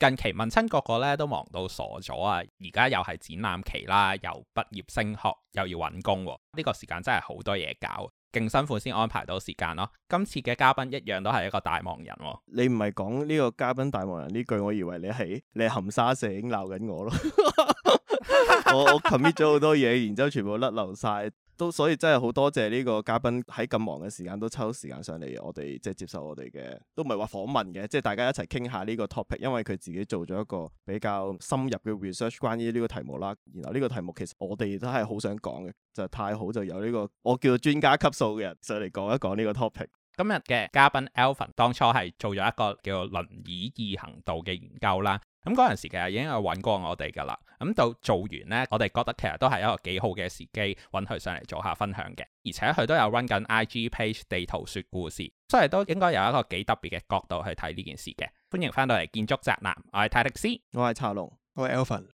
近期問親個個咧都忙到傻咗啊！而家又係展覽期啦，又畢業升學，又要揾工喎、啊。呢、這個時間真係好多嘢搞，勁辛苦先安排到時間咯、啊。今次嘅嘉賓一樣都係一個大忙人喎、啊。你唔係講呢個嘉賓大忙人呢句，我以為你係你含沙射影鬧緊我咯。 我我 commit 咗好多嘢，然之後全部甩漏晒。都所以真係好多謝呢個嘉賓喺咁忙嘅時間都抽時間上嚟，我哋即係接受我哋嘅都唔係話訪問嘅，即係大家一齊傾下呢個 topic，因為佢自己做咗一個比較深入嘅 research 關於呢個題目啦。然後呢個題目其實我哋都係好想講嘅，就係、太好就有呢、這個我叫專家級數嘅人上嚟講一講呢個 topic。今日嘅嘉賓 Alvin 當初係做咗一個叫輪椅易行度嘅研究啦。咁嗰陣時其實已經有揾過我哋噶啦，咁、嗯、到做完呢，我哋覺得其實都係一個幾好嘅時機，揾佢上嚟做下分享嘅，而且佢都有 run 緊 IG page 地圖說故事，所以都應該有一個幾特別嘅角度去睇呢件事嘅。歡迎翻到嚟建築宅男，我係泰迪斯，我係茶龍，我係 Alvin。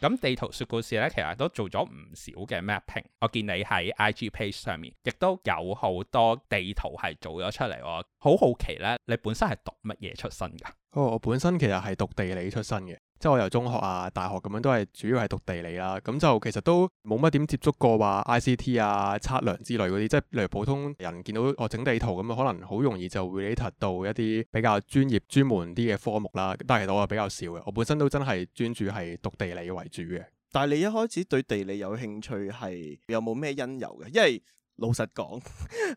咁地圖說故事咧，其實都做咗唔少嘅 mapping。我見你喺 IG page 上面，亦都有好多地圖係做咗出嚟。我好好奇咧，你本身係讀乜嘢出身噶？哦，我本身其實係讀地理出身嘅。.即係我由中學啊、大學咁樣都係主要係讀地理啦，咁就其實都冇乜點接觸過話 ICT 啊、測量之類嗰啲，即係例如普通人見到我整地圖咁樣，可能好容易就會嚟到到一啲比較專業專門啲嘅科目啦。但係其實我係比較少嘅，我本身都真係專注係讀地理為主嘅。但係你一開始對地理有興趣係有冇咩因由嘅？因為老實講，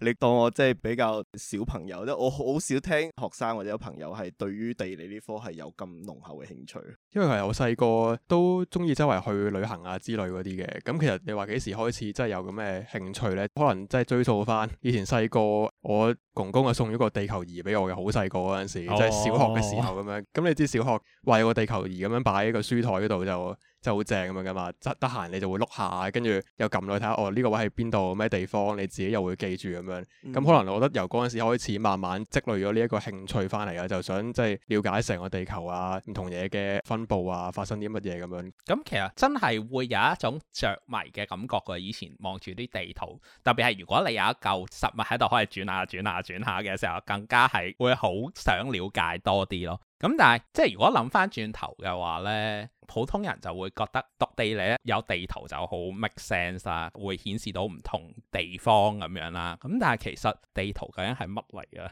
你當我即係比較小朋友，即我好少聽學生或者朋友係對於地理呢科係有咁濃厚嘅興趣。因為其實我細個都中意周圍去旅行啊之類嗰啲嘅。咁其實你話幾時開始真係有咁嘅興趣呢？可能真係追溯翻以前細個我。公公啊，送咗個地球儀俾我嘅。好細個嗰陣時，即係小學嘅時候咁樣。咁你知小學話有個地球儀咁樣擺喺個書枱嗰度，就就好正咁樣噶嘛。得得閒你就會碌下，跟住又撳落去睇下，哦呢、這個位係邊度？咩地方，你自己又會記住咁樣。咁、嗯嗯、可能我覺得由嗰陣時開始，慢慢積累咗呢一個興趣翻嚟啊，就想即係了解成個地球啊，唔同嘢嘅分布啊，發生啲乜嘢咁樣。咁其實真係會有一種着迷嘅感覺嘅。以前望住啲地圖，特別係如果你有一嚿實物喺度，可以轉下轉下。轉下嘅時候更加係會好想了解多啲咯。咁但係即係如果諗翻轉頭嘅話呢，普通人就會覺得讀地理有地圖就好 make sense 啊，會顯示到唔同地方咁樣啦。咁但係其實地圖究竟係乜嚟嘅？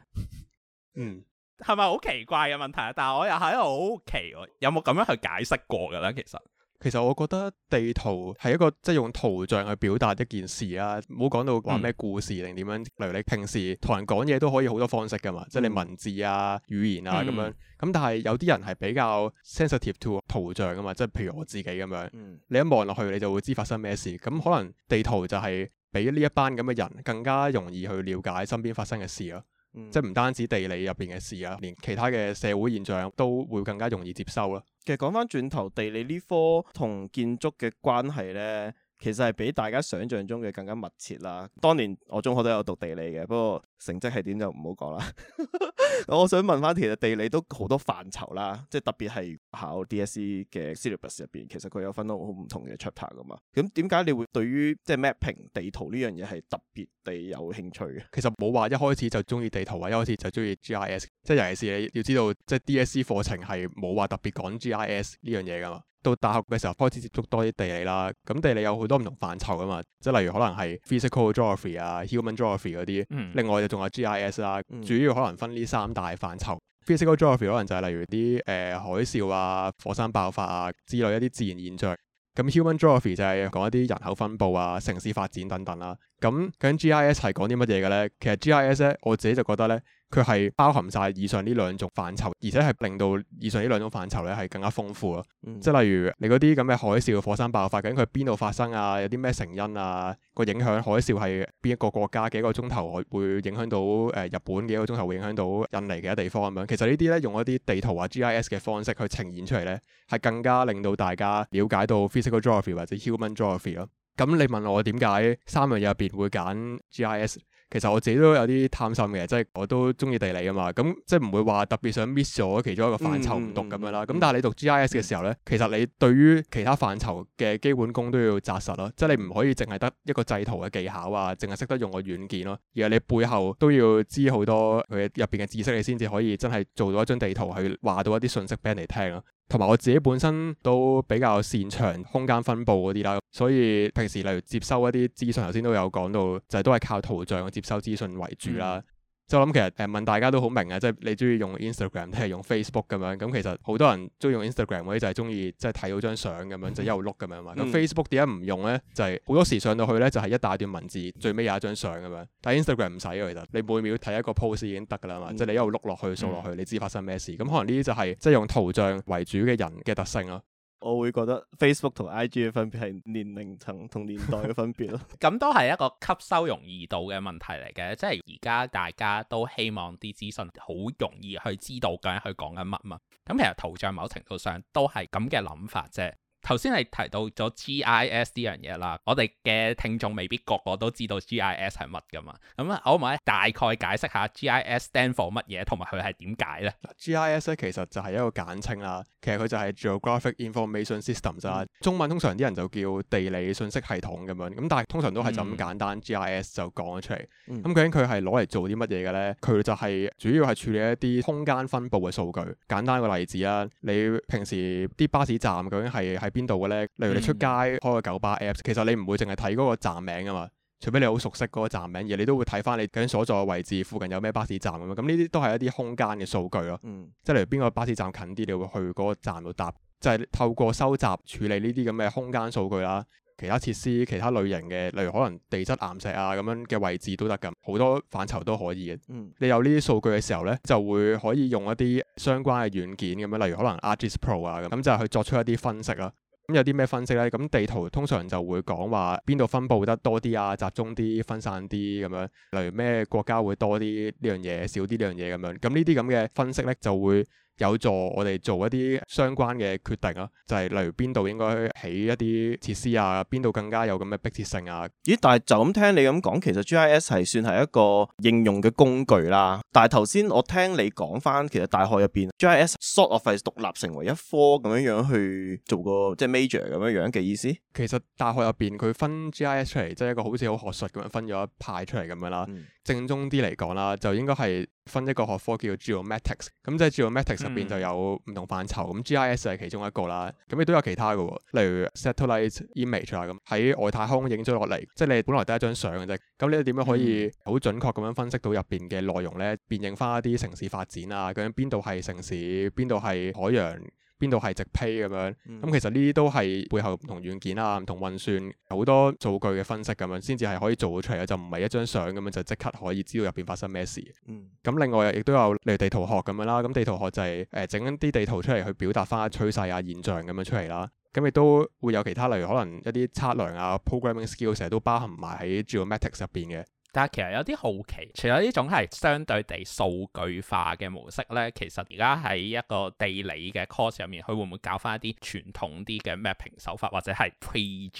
嗯，係咪好奇怪嘅問題？但係我又喺度好奇，有冇咁樣去解釋過嘅咧？其實。其實我覺得地圖係一個即係、就是、用圖像去表達一件事啊，唔好講到話咩故事定點樣、嗯、例如你平時同人講嘢都可以好多方式噶嘛，嗯、即係你文字啊、語言啊咁樣。咁、嗯、但係有啲人係比較 sensitive to 圖像㗎嘛，即係譬如我自己咁樣。嗯、你一望落去你就會知發生咩事。咁可能地圖就係比呢一班咁嘅人更加容易去了解身邊發生嘅事咯、啊。嗯、即係唔單止地理入邊嘅事啊，連其他嘅社會現象都會更加容易接收啦、啊。其實講翻轉頭地理呢科同建築嘅關係咧。其實係比大家想象中嘅更加密切啦。當年我中學都有讀地理嘅，不過成績係點就唔好講啦。 我想問翻，其實地理都好多範疇啦，即係特別係考 DSE 嘅 syllabus 入邊， 其實佢有分到好唔同嘅 chapter 噶嘛。咁點解你會對於即係 mapping 地圖呢樣嘢係特別地有興趣嘅？其實冇話一開始就中意地圖啊，或一開始就中意 GIS，即係尤其是你要知道，即係 DSE 課程係冇話特別講 GIS 呢樣嘢噶嘛。到大學嘅時候開始接觸多啲地理啦，咁地理有好多唔同範疇㗎嘛，即係例如可能係 physical geography 啊、human geography 嗰啲，嗯、另外又仲有 GIS 啊，嗯、主要可能分呢三大範疇。physical geography 可能就係例如啲誒、呃、海嘯啊、火山爆發啊之類一啲自然現象，咁 human geography 就係講一啲人口分布啊、城市發展等等啦、啊。咁究竟 G I S 係講啲乜嘢嘅咧？其實 G I S 咧，我自己就覺得咧，佢係包含晒以上呢兩種範疇，而且係令到以上兩範疇呢兩種範疇咧係更加豐富咯。嗯、即係例如你嗰啲咁嘅海嘯、火山爆發，究竟佢邊度發生啊？有啲咩成因啊？個影響海嘯係邊一個國家，幾個鐘頭會影響到誒、呃、日本，幾個鐘頭會影響到印尼其他地方咁樣。其實呢啲咧，用一啲地圖或 G I S 嘅方式去呈現出嚟咧，係更加令到大家了解到 physical geography 或者 human geography 咯。咁你、嗯嗯嗯、問我點解三樣嘢入邊會揀 G I S？其實我自己都有啲貪心嘅，即係我都中意地理啊嘛。咁即係唔會話特別想 miss 咗其中一個範疇唔讀咁樣啦。咁但係你讀 G I S 嘅時候呢，其實你對於其他範疇嘅基本功都要紮實咯。即係你唔可以淨係得一個製圖嘅技巧啊，淨係識得用個軟件咯。而係你背後都要知好多佢入邊嘅知識，你先至可以真係做到一張地圖去話到一啲信息俾人哋聽咯。同埋我自己本身都比較擅長空間分布嗰啲啦，所以平時例如接收一啲資訊，頭先都有講到，就係都係靠圖像接收資訊為主啦。嗯。就諗其實誒問大家都好明啊，即係你中意用 Instagram 定係用 Facebook 咁樣咁，其實好多人中意用 Instagram 嗰啲就係中意即係睇到張相咁樣就一路碌咁樣啊。咁 Facebook 點解唔用咧？就係好多時上到去咧就係一大段文字，最尾有一張相咁樣。但 Instagram 唔使啊，其實你每秒睇一個 post 已經得噶啦嘛，即係你一路碌落去，掃落去，你知發生咩事。咁可能呢啲就係即係用圖像為主嘅人嘅特性咯。我會覺得 Facebook 同 IG 嘅分別係年齡層同年代嘅分別咯，咁都係一個吸收容易度嘅問題嚟嘅，即係而家大家都希望啲資訊好容易去知道究竟佢講緊乜嘛。咁其實圖像某程度上都係咁嘅諗法啫。頭先係提到咗 GIS 呢樣嘢啦，我哋嘅聽眾未必個個都知道 GIS 係乜㗎嘛，咁啊，可唔可以大概解釋下 GIS stand for 乜嘢，同埋佢係點解咧？GIS 咧其實就係一個簡稱啦，其實佢就係 Geographic Information Systems、嗯、中文通常啲人就叫地理信息系統咁樣，咁但係通常都係就咁簡單、嗯、GIS 就講咗出嚟。咁、嗯嗯、究竟佢係攞嚟做啲乜嘢嘅咧？佢就係主要係處理一啲空間分佈嘅數據。簡單一個例子啦，你平時啲巴士站究竟係喺邊度嘅咧？例如你出街、嗯、開個九巴 Apps，其實你唔會淨係睇嗰個站名㗎嘛，除非你好熟悉嗰個站名，而你都會睇返你究竟所在位置附近有咩巴士站咁咁呢啲都係一啲空間嘅數據咯。嗯，即係例如邊個巴士站近啲，你會去嗰個站度搭，就係、是、透過收集處理呢啲咁嘅空間數據啦。其他設施、其他類型嘅，例如可能地質岩石啊咁樣嘅位置都得㗎，好多範疇都可以嘅。嗯，你有呢啲數據嘅時候咧，就會可以用一啲相關嘅軟件咁樣，例如可能 ArcGIS Pro 啊咁，就係去作出一啲分析啦。咁有啲咩分析咧？咁地圖通常就會講話邊度分布得多啲啊，集中啲、分散啲咁樣。例如咩國家會多啲呢樣嘢，少啲呢樣嘢咁樣。咁呢啲咁嘅分析咧就會，有助我哋做一啲相關嘅決定啊，就係例如邊度應該起一啲設施啊，邊度更加有咁嘅迫切性啊。咦？但係就咁聽你咁講，其實 GIS 係算係一個應用嘅工具啦。但係頭先我聽你講翻，其實大學入邊 GIS sort of 係獨立成為一科咁樣樣去做個即係 major 咁樣樣嘅意思。其實大學入邊佢分 GIS 出嚟，即係一個好似好學術咁樣分咗一派出嚟咁樣啦。嗯。正宗啲嚟講啦，就應該係分一個學科叫 Geomatics，咁即係 Geomatics 入邊就有唔同範疇，咁 GIS 係其中一個啦。咁亦都有其他嘅，例如 satellite image 啊，咁喺外太空影咗落嚟，即係你本來得一張相嘅啫。咁你又點樣可以好準確咁樣分析到入邊嘅內容咧？辨認翻一啲城市發展啊，究竟邊度係城市，邊度係海洋。邊度係直批咁樣？咁其實呢啲都係背後唔同軟件啊、唔同運算好多數據嘅分析咁樣，先至係可以做到出嚟嘅，就唔係一張相咁樣就即刻可以知道入邊發生咩事。咁、嗯、另外亦都有例如地圖學咁樣啦。咁地圖學就係誒整一啲地圖出嚟去表達翻趨勢啊、現象咁樣出嚟啦。咁亦都會有其他例如可能一啲測量啊、programming skill 成日都包含埋喺 geomatics 入邊嘅。但係其實有啲好奇，除咗呢種係相對地數據化嘅模式咧，其實而家喺一個地理嘅 course 入面，佢會唔會搞翻一啲傳統啲嘅 mapping 手法，或者係 PGIS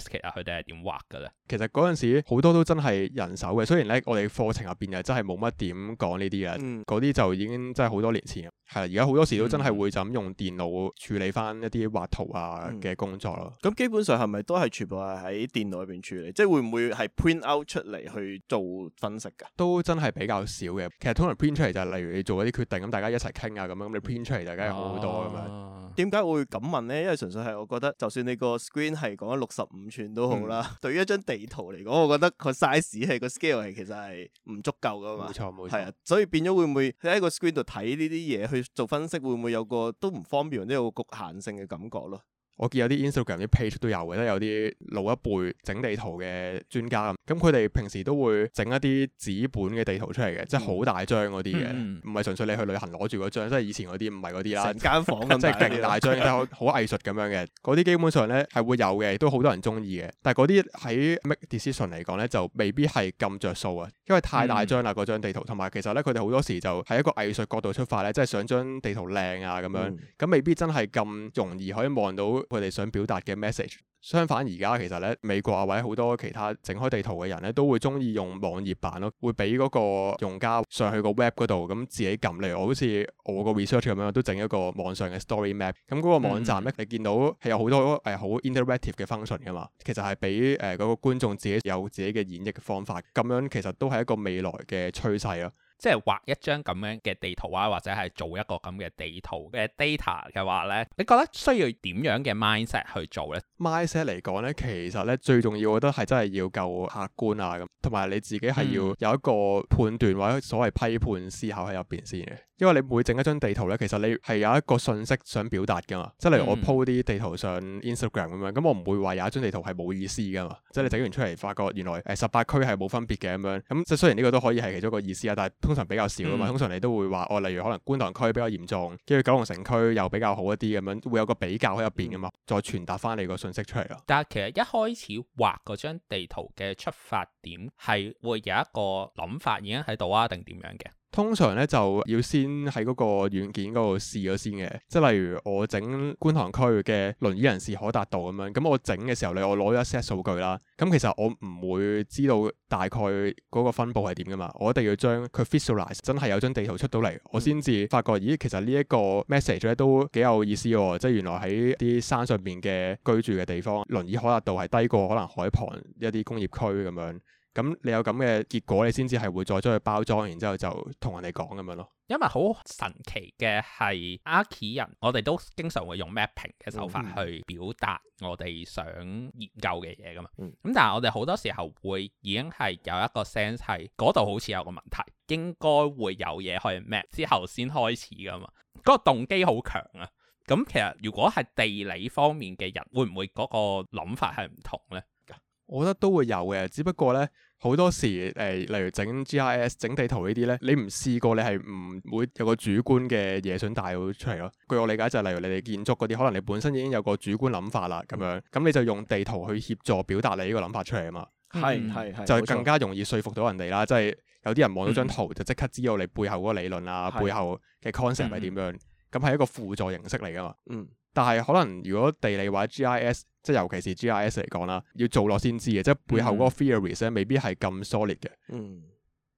其實佢哋係點畫嘅咧？其實嗰陣時好多都真係人手嘅，雖然咧我哋課程入邊又真係冇乜點講呢啲嘅，嗰啲、嗯、就已經真係好多年前。係而家好多時都真係會就咁用電腦處理翻一啲畫圖啊嘅工作咯。咁、嗯、基本上係咪都係全部係喺電腦入邊處理？即係會唔會係 print out 出嚟去做分析㗎？都真係比較少嘅。其實通常 print 出嚟就係例如你做一啲決定咁，大家一齊傾啊咁樣，你 print 出嚟大家好好多咁、啊、樣。點解會咁問咧？因為純粹係我覺得，就算你個 screen 係講緊六十五吋都好啦，嗯、 對於一張地圖嚟講，我覺得個 size 係個 scale 係其實係唔足夠㗎嘛。冇錯冇錯。係啊，所以變咗會唔會喺個 screen 度睇呢啲嘢去？做分析會，唔會有個都唔方便，即係個局限性嘅感覺咯？我見有啲 Instagram 啲 page 都有嘅，都有啲老一輩整地圖嘅專家咁。咁佢哋平時都會整一啲紙本嘅地圖出嚟嘅，即係好大張嗰啲嘅，唔係純粹你去旅行攞住嗰張，即係以前嗰啲唔係嗰啲啦。成間房咁， 即係勁大張，好好 藝術咁樣嘅嗰啲，基本上呢係會有嘅，都好多人中意嘅。但係嗰啲喺 Make Decision 嚟講呢，就未必係咁着數啊，因為太大張啦嗰張地圖。同埋、嗯、其實呢，佢哋好多時就喺一個藝術角度出發呢，即係想張地圖靚啊咁樣，咁、嗯、未必真係咁容易可以望到。佢哋想表達嘅 message，相反而家其實咧，美國啊或者好多其他整開地圖嘅人咧，都會中意用網頁版咯、哦，會俾嗰個用家上去個 web 嗰度咁自己撳，例如我好似我個 research 咁樣，都整一個網上嘅 story map。咁嗰個網站咧，嗯、你見到係有好多誒好 interactive 嘅 function 噶嘛，其實係俾誒嗰個觀眾自己有自己嘅演繹方法，咁樣其實都係一個未來嘅趨勢咯。即係畫一張咁樣嘅地圖啊，或者係做一個咁嘅地圖嘅 data 嘅話咧，你覺得需要點樣嘅 mindset 去做咧？mindset 嚟講咧，其實咧最重要，我覺得係真係要夠客觀啊咁，同埋你自己係要有一個判斷或者所謂批判思考喺入邊先嘅。因為你每整一張地圖咧，其實你係有一個信息想表達噶嘛。即係例如我 po 啲地圖上 Instagram 咁樣，咁我唔會話有一張地圖係冇意思噶嘛。即係你整完出嚟發覺原來誒十八區係冇分別嘅咁樣，咁即係雖然呢個都可以係其中一個意思啊，但係，通常比較少啊嘛，通常你都會話哦，例如可能觀塘區比較嚴重，跟住九龍城區又比較好一啲咁樣，會有個比較喺入邊噶嘛，再傳達翻你個信息出嚟喇。但係其實一開始畫嗰張地圖嘅出發點係會有一個諗法，已經喺度啊，定點樣嘅？通常咧就要先喺嗰個軟件嗰度試咗先嘅，即係例如我整觀塘區嘅輪椅人士可達度咁樣，咁我整嘅時候咧，我攞咗一 set 數據啦，咁其實我唔會知道大概嗰個分佈係點噶嘛，我一定要將佢 visualize，真係有張地圖出到嚟，我先至發覺，咦，其實呢一個 message 咧都幾有意思喎，哦，即係原來喺啲山上邊嘅居住嘅地方，輪椅可達度係低過可能海旁一啲工業區咁樣。咁你有咁嘅結果，你先至係會再出去包裝，然之後就同人哋講咁樣咯。因為好神奇嘅係 Archi 人，我哋都經常會用 mapping 嘅手法去表達我哋想研究嘅嘢噶嘛。咁、嗯、但係我哋好多時候會已經係有一個 sense 係嗰度好似有個問題，應該會有嘢去 map 之後先開始噶嘛。嗰、嗰個動機好強啊。咁其實如果係地理方面嘅人，會唔會嗰個諗法係唔同呢？我覺得都會有嘅，只不過咧好多時，誒、呃，例如整 GIS、整地圖呢啲咧，你唔試過，你係唔會有個主觀嘅嘢想帶到出嚟咯。據我理解就係，例如你哋建築嗰啲，可能你本身已經有個主觀諗法啦，咁樣，咁、嗯、你就用地圖去協助表達你呢個諗法出嚟啊嘛。係係是、嗯、就更加容易說服到人哋啦。即係是有啲人望到張圖、嗯、就即刻知道你背後嗰個理論啊，嗯、背後嘅 concept 係點樣，咁係、嗯、一個輔助形式嚟噶嘛。嗯。但係可能如果地理或者 GIS，即係尤其是 GIS 嚟講啦，要做落先知嘅，即係背後嗰個 theories 咧，未必係咁 solid 嘅。嗯，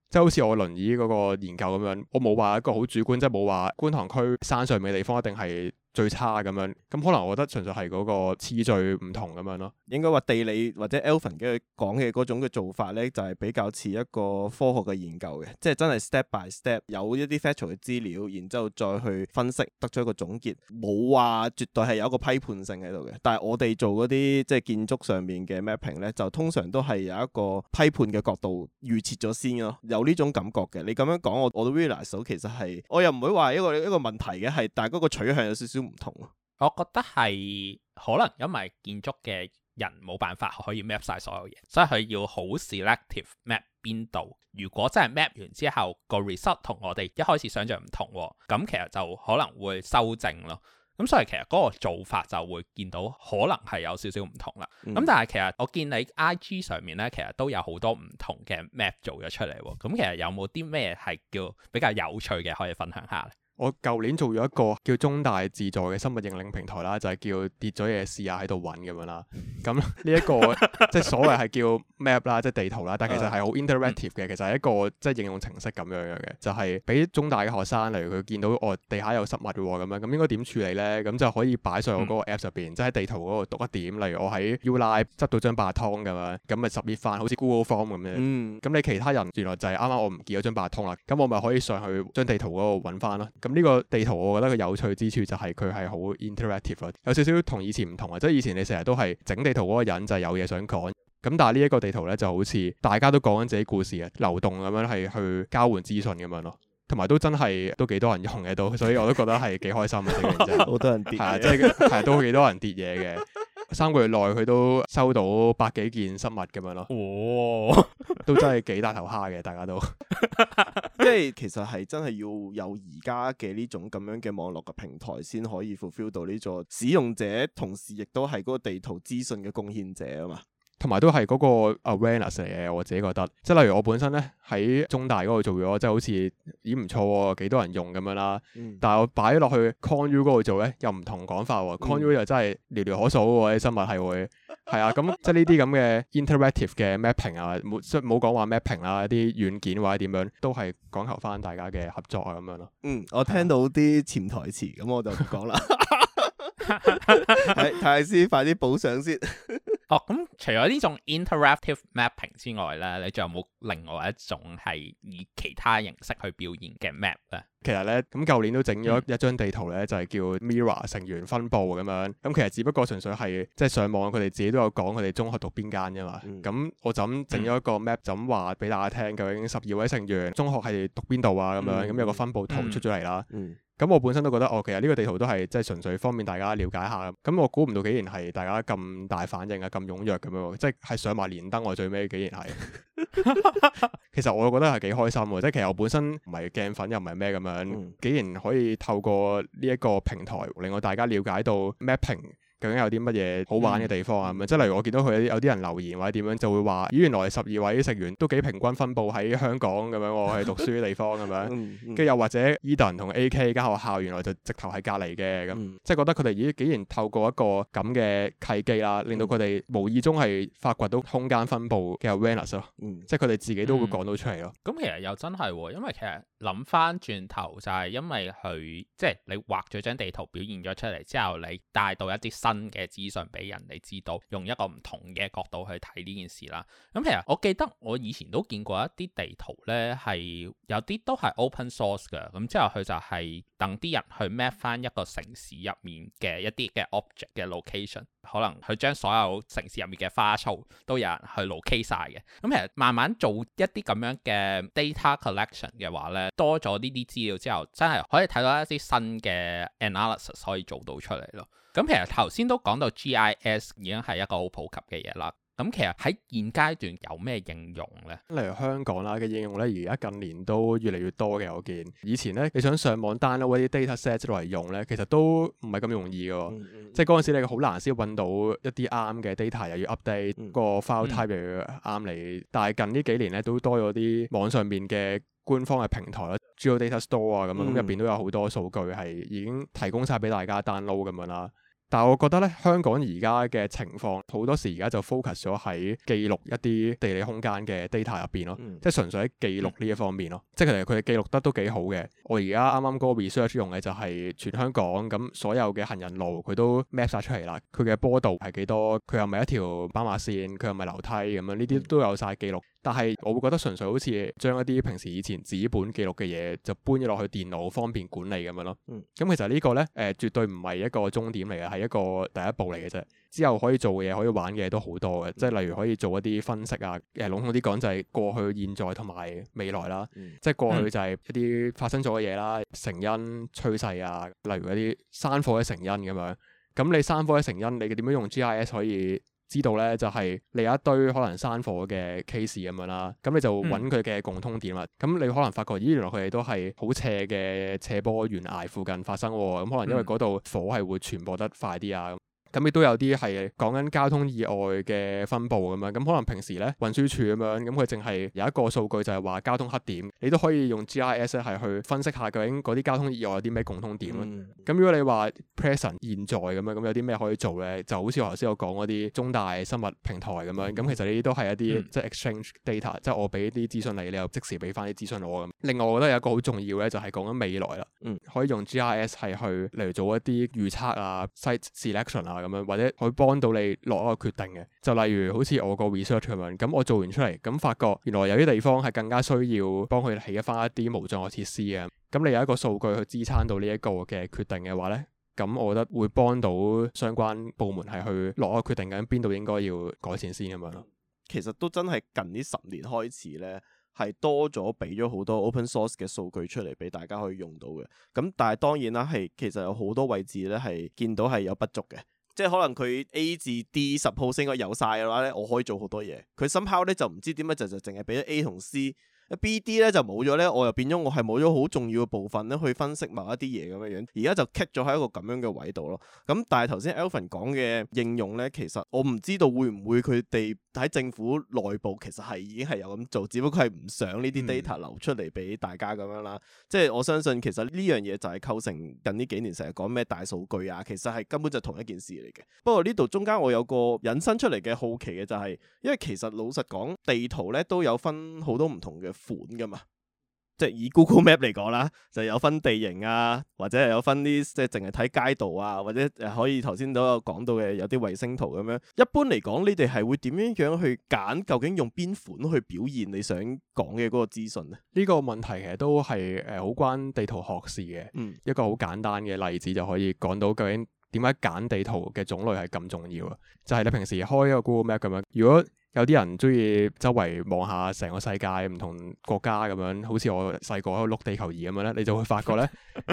即係好似我輪椅嗰個研究咁樣，我冇話一個好主觀，即係冇話觀塘區山上面嘅地方一定係。最差咁樣，咁可能我覺得純粹係嗰個次序唔同咁樣咯。應該話地理或者 Alvin 嘅講嘅嗰種嘅做法咧，就係、是、比較似一個科學嘅研究嘅，即係真係 step by step 有一啲 factual 嘅資料，然之後再去分析得出一個總結，冇話絕對係有一個批判性喺度嘅。但係我哋做嗰啲即係建築上面嘅 mapping 咧，就通常都係有一個批判嘅角度預設咗先咯，有呢種感覺嘅。你咁樣講我我都 realise 到其實係我又唔會話一個一個問題嘅，係但係個取向有少少。唔同，我覺得係可能因為建築嘅人冇辦法可以 map 晒所有嘢，所以佢要好 selective map 邊度。如果真係 map 完之後個 result 同我哋一開始想象唔同，咁其實就可能會修正咯。咁所以其實嗰個做法就會見到可能係有少少唔同啦。咁、嗯、但係其實我見你 IG 上面呢，其實都有好多唔同嘅 map 做咗出嚟。咁其實有冇啲咩係叫比較有趣嘅可以分享下呢？我舊年做咗一個叫中大自助嘅失物認領平台啦，就係、是、叫跌咗嘢試下喺度揾咁樣啦。咁呢一個 即係所謂係叫 map 啦，即係地圖啦，但其實係好 interactive 嘅，嗯、其實係一個即係應用程式咁樣樣嘅，就係、是、俾中大嘅學生，例如佢見到我、哦、地下有失物喎，咁樣咁應該點處理咧？咁就可以擺上我嗰個 app 上邊，嗯、即係喺地圖嗰度篤一點，例如我喺 u l i v e 執到張八通咁樣，咁咪 submit 翻，好似 Google Form 咁樣。嗯。咁你其他人原來就係啱啱我唔見咗張八通啦，咁我咪可以上去張地圖嗰度揾翻咯。咁呢個地圖，我覺得個有趣之處就係佢係好 interactive，有少少同以前唔同啊，即係以前你成日都係整地圖嗰個人就係有嘢想講，咁但係呢一個地圖咧就好似大家都講緊自己故事啊，流動咁樣係去交換資訊咁樣咯，同埋都真係都幾多人用嘅都，所以我都覺得係幾開心啊，好 多人跌，係係都幾多人跌嘢嘅。三個月內佢都收到百幾件失物咁樣咯，哦， 都真係幾大頭蝦嘅大家都， 即係其實係真係要有而家嘅呢種咁樣嘅網絡嘅平台，先可以 fulfill 到呢座使用者，同時亦都係嗰個地圖資訊嘅貢獻者啊嘛。同埋都係嗰個 awareness 嚟嘅，我自己覺得。即係例如我本身咧喺中大嗰度做咗，即係好似已唔錯，幾多人用咁樣啦。嗯、但係我擺落去 Con U 嗰度做咧，又唔同講法喎。Con U、嗯、又真係寥寥可數喎，啲新聞係會係啊。咁即係呢啲咁嘅 interactive 嘅 mapping 啊，冇即係冇講話 mapping 啦，一啲軟件或者點樣都係講求翻大家嘅合作啊咁樣咯。嗯，嗯嗯我聽到啲潛台詞咁， 我就講啦。泰 師，快啲補上先。 哦，咁除咗呢種 interactive mapping 之外咧，你仲有冇另外一種係以其他形式去表現嘅 map 咧？其實咧，咁舊年都整咗一張地圖咧，嗯、就係叫 Mirror 成員分佈咁樣。咁其實只不過純粹係即係上網，佢哋自己都有講佢哋中學讀邊間啫嘛。咁、嗯、我就咁整咗一個 map，就咁話俾大家聽，究竟十二位成員中學係讀邊度啊？咁樣咁有個分佈圖出咗嚟啦。嗯嗯嗯咁我本身都覺得，哦，其實呢個地圖都係即係純粹方便大家了解下。咁我估唔到竟然係大家咁大反應啊，咁踴躍咁樣，即係上埋連登我最尾竟然係。 其實我覺得係幾開心喎，即係其實我本身唔係鏡粉又唔係咩咁樣，嗯、竟然可以透過呢一個平台令我大家了解到 mapping。究竟有啲乜嘢好玩嘅地方啊？咁、嗯、即係例如我見到佢有啲人留言或者點樣，就會話：咦，原來十二位成員都幾平均分布喺香港咁樣，我去讀書嘅地方咁樣。跟住又或者 Edan 同 A.K. 間學校原來就直頭喺隔籬嘅，咁、嗯、即係覺得佢哋咦，竟然透過一個咁嘅契機啦，令到佢哋無意中係發掘到空間分布嘅 awareness 咯。嗯、即係佢哋自己都會講到出嚟咯。咁、嗯嗯嗯嗯嗯、其實又真係，因為其實諗翻轉頭就係因為佢即係你畫咗張地圖表現咗出嚟之後，你帶到一啲新，的新的。嘅資訊俾人哋知道，用一個唔同嘅角度去睇呢件事啦。咁其實我記得我以前都見過一啲地圖咧，係有啲都係 open source 嘅。咁之後佢就係等啲人去 map 翻一個城市入面嘅一啲嘅 object 嘅 location，可能佢將所有城市入面嘅花草都有人去 locate 晒嘅。咁其實慢慢做一啲咁樣嘅 data collection 嘅話咧，多咗呢啲資料之後，真係可以睇到一啲新嘅 analysis 可以做到出嚟咯。咁其實頭先都講到 GIS 已經係一個好普及嘅嘢啦。咁其實喺現階段有咩應用咧？例如香港啦嘅應用咧，而家近年都越嚟越多嘅我見。以前咧，你想上網 download 啲 data set 出嚟用咧，其實都唔係咁容易嘅。嗯嗯、即係嗰陣時你好難先揾到一啲啱嘅 data，又要 update、嗯、個 file type 又要啱嚟。嗯、但係近呢幾年咧都多咗啲網上邊嘅官方嘅平台啦，geo、嗯、data store 啊咁樣，咁入邊都有好多數據係已經提供晒俾大家 download 咁樣啦。但係我覺得咧，香港而家嘅情況好多時而家就 focus 咗喺記錄一啲地理空間嘅 data 入邊咯，嗯、即係純粹喺記錄呢一方面咯，嗯、即係其實佢哋記錄得都幾好嘅。我而家啱啱嗰個 research 用嘅就係全香港咁所有嘅行人路佢都 map 晒出嚟啦，佢嘅坡度係幾多，佢又咪一條斑馬線，佢又咪樓梯咁樣，呢啲都有晒記錄。但係我會覺得純粹好似將一啲平時以前紙本記錄嘅嘢就搬咗落去電腦方便管理咁樣咯。咁、嗯嗯、其實呢個呢，誒、呃、絕對唔係一個終點嚟嘅，係一個第一步嚟嘅啫。之後可以做嘅嘢可以玩嘅嘢都好多嘅，即係、嗯、例如可以做一啲分析啊，誒、呃、籠統啲講就係過去、現在同埋未來啦。嗯、即係過去就係一啲發生咗嘅嘢啦，成因趨勢啊，例如嗰啲山火嘅成因咁樣。咁、嗯嗯嗯、你山火嘅成因，你點樣用 GIS 可以？知道咧，就係你有一堆可能山火嘅 case 咁樣啦，咁你就揾佢嘅共通點啦。咁、嗯、你可能發覺，咦，原來佢哋都係好斜嘅斜坡、懸崖附近發生，咁可能因為嗰度火係會傳播得快啲啊咁。咁亦都有啲係講緊交通意外嘅分布咁樣，咁可能平時咧運輸署咁樣，咁佢淨係有一個數據就係話交通黑點，你都可以用 GIS 咧係去分析下究竟啲交通意外有啲咩共通點啦。咁、嗯、如果你話 present 現在咁樣，咁有啲咩可以做咧，就好似我頭先我講啲中大生物平台咁樣，咁、嗯、其實呢啲都係一啲即係、嗯、exchange data，即係我俾啲資訊你，你又即時俾翻啲資訊我。咁另外我覺得有一個好重要咧，就係講緊未來啦，嗯，可以用 GIS 係去嚟做一啲預測啊，site selection 啊。咁樣或者可以幫到你落一個決定嘅，就例如好似我個 research 咁，我做完出嚟咁，發覺原來有啲地方係更加需要幫佢起翻一啲無障礙設施嘅。咁你有一個數據去支撐到呢一個嘅決定嘅話咧，咁我覺得會幫到相關部門係去落一個決定緊邊度應該要改善先咁樣咯。其實都真係近呢十年開始咧，係多咗俾咗好多 open source 嘅數據出嚟俾大家可以用到嘅。咁但係當然啦，係其實有好多位置咧係見到係有不足嘅。即係可能佢 A 至 D 十號星我有晒嘅話咧，我可以做好多嘢。佢 somehow 咧就唔知點解就 c，就淨係俾咗 A 同 C，B、D 咧就冇咗咧，我又變咗我係冇咗好重要嘅部分咧去分析某一啲嘢咁樣樣。而家就 cut 咗喺一個咁樣嘅位度咯。咁但係頭先 Alvin 講嘅應用咧，其實我唔知道會唔會佢哋。喺政府內部其實係已經係有咁做，只不過係唔想呢啲 data 流出嚟俾大家咁樣啦。嗯、即係我相信其實呢樣嘢就係構成近呢幾年成日講咩大數據啊，其實係根本就同一件事嚟嘅。不過呢度中間我有個引申出嚟嘅好奇嘅就係、是，因為其實老實講地圖咧都有分好多唔同嘅款噶嘛。即係以 Google Map 嚟講啦，就有分地形啊，或者係有分啲即係淨係睇街道啊，或者誒可以頭先都有講到嘅有啲衛星圖咁樣。一般嚟講，你哋係會點樣樣去揀？究竟用邊款去表現你想講嘅嗰個資訊呢？呢個問題其實都係誒好關地圖學事嘅。嗯，一個好簡單嘅例子就可以講到究竟點解揀地圖嘅種類係咁重要啊？就係、是、你平時開一個 Google Map 咁樣，如果。有啲人中意周圍望下成個世界唔同國家咁樣，好似我細個喺度碌地球儀咁樣咧，你就會發覺咧，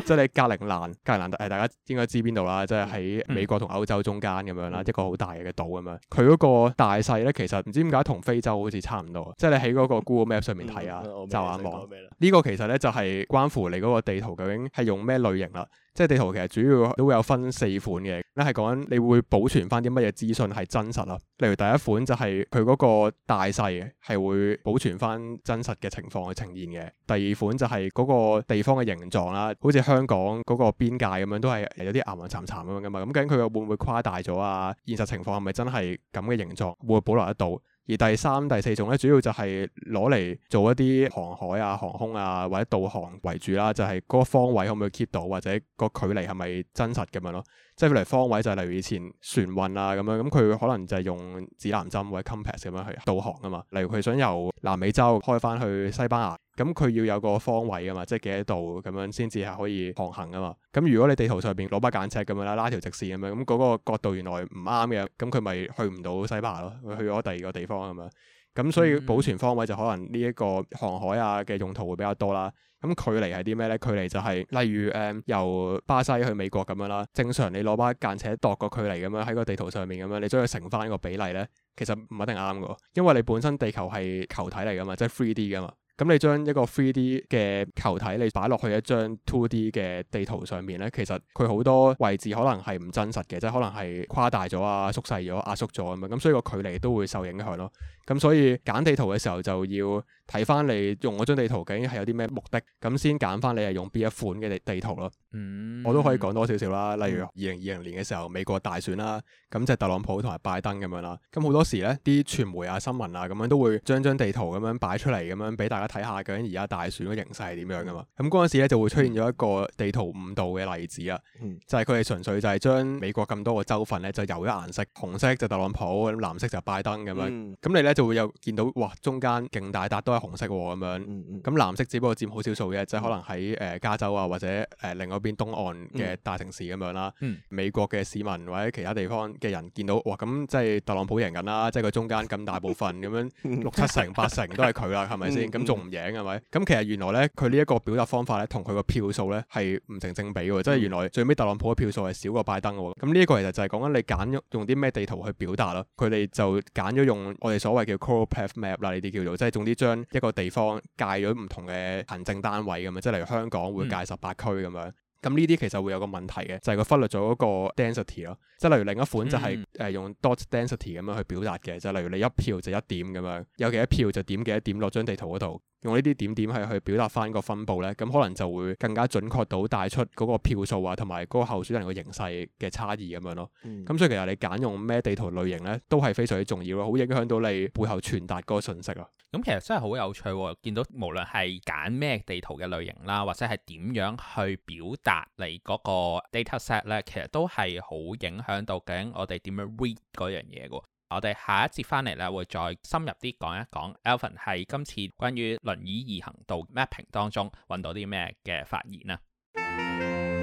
即係 你格陵蘭、格陵蘭，大家應該知邊度啦，即係喺美國同歐洲中間咁樣啦，嗯、一個好大嘅島咁樣。佢嗰個大細咧，其實唔知點解同非洲好似差唔多，即係你喺嗰個 Google Map 上面睇啊，就眼望呢個其實咧就係關乎你嗰個地圖究竟係用咩類型啦。即係地圖其實主要都會有分四款嘅，你係講緊你會保存翻啲乜嘢資訊係真實啊？例如第一款就係佢嗰個大細嘅係會保存返真實嘅情況去呈現嘅。第二款就係嗰個地方嘅形狀啦、啊，好似香港嗰個邊界咁樣，都係有啲岩岩巉巉咁樣噶嘛。咁究竟佢會唔會誇大咗啊？現實情況係咪真係咁嘅形狀會,會保留得到？而第三、第四種咧，主要就係攞嚟做一啲航海啊、航空啊或者導航為主啦、啊，就係嗰個方位可唔可以 keep 到，或者個距離係咪真實咁樣咯？即係譬如方位就係例如以前船運啊咁樣，咁佢可能就係用指南針或者 compass 咁樣去導航啊嘛。例如佢想由南美洲開返去西班牙，咁佢要有個方位啊嘛，即係幾多度咁樣先至係可以航行啊嘛。咁如果你地圖上邊攞把間尺咁樣啦，拉條直線咁樣，咁嗰個角度原來唔啱嘅，咁佢咪去唔到西班牙咯，去咗第二個地方咁樣。咁所以保存方位就可能呢一個航海啊嘅用途會比較多啦。咁距離係啲咩咧？距離就係、是、例如誒、呃、由巴西去美國咁樣啦。正常你攞把間尺度個距離咁樣喺個地圖上面咁樣，你將佢乘翻個比例咧，其實唔一定啱㗎，因為你本身地球係球體嚟㗎嘛，即係 three D 嘅嘛。咁你將一個 3D 嘅球體你擺落去一張 2D 嘅地圖上面咧，其實佢好多位置可能係唔真實嘅，即係可能係誇大咗啊、縮細咗、壓縮咗咁樣，咁所以個距離都會受影響咯。咁所以揀地圖嘅時候就要。睇翻你用嗰張地圖究竟係有啲咩目的，咁先揀翻你係用邊一款嘅地地圖咯。嗯嗯、我都可以講多少少啦。例如二零二零年嘅時候，美國大選啦、啊，咁就特朗普同埋拜登咁樣啦。咁好多時咧，啲傳媒啊新聞啊咁樣都會將張地圖咁樣擺出嚟，咁樣俾大家睇下究竟而家大選嘅形勢係點樣噶嘛。咁嗰陣時咧，就會出現咗一個地圖誤導嘅例子啦，就係佢哋純粹就係將美國咁多個州份咧，就由一顏色，紅色就特朗普，藍色就拜登咁樣。咁、嗯、你咧就會有見到哇，中間勁大笪都紅色喎咁樣，咁、嗯嗯、藍色只不過佔好少數嘅，即、就、係、是、可能喺誒、呃、加州啊或者誒、呃、另外邊東岸嘅大城市咁樣啦，嗯嗯、美國嘅市民或者其他地方嘅人見到，哇！咁即係特朗普贏緊啦，即係佢中間咁大部分咁、 嗯、樣六七成八成都係佢啦，係咪先？咁仲唔贏係咪？咁、嗯嗯嗯、其實原來咧，佢呢一個表達方法咧，同佢個票數咧係唔成正比嘅，即係、嗯嗯、原來最尾特朗普嘅票數係少過拜登喎。咁呢一個其實就係講緊你揀用用啲咩地圖去表達咯。佢哋就揀咗用我哋所謂叫 Choropleth Map 啦，呢啲叫做，即係總之將，一個地方界咗唔同嘅行政單位咁樣，即係例如香港會界十八區咁樣。咁呢啲其實會有個問題嘅，就係、是、佢忽略咗嗰個 density 咯。即係例如另一款就係、是、誒、嗯呃、用 dot density 咁樣去表達嘅，就例如你一票就一點咁樣，有幾多票就點幾多點落張地圖嗰度。用呢啲點點係去表達翻個分佈咧，咁可能就會更加準確到帶出嗰個票數啊，同埋嗰個候選人個形勢嘅差異咁樣咯。咁所以其實你揀用咩地圖類型咧，都係非常之重要咯，好影響到你背後傳達嗰個信息啊。咁、嗯、其實真係好有趣、哦，見到無論係揀咩地圖嘅類型啦，或者係點樣去表達你嗰個 data set 咧，其實都係好影響到究竟我哋點樣 read 嗰樣嘢喎。我哋下一節翻嚟咧，會再深入啲講一講 Alvin 喺今次關於輪椅易行度 mapping 當中揾到啲咩嘅發現啊！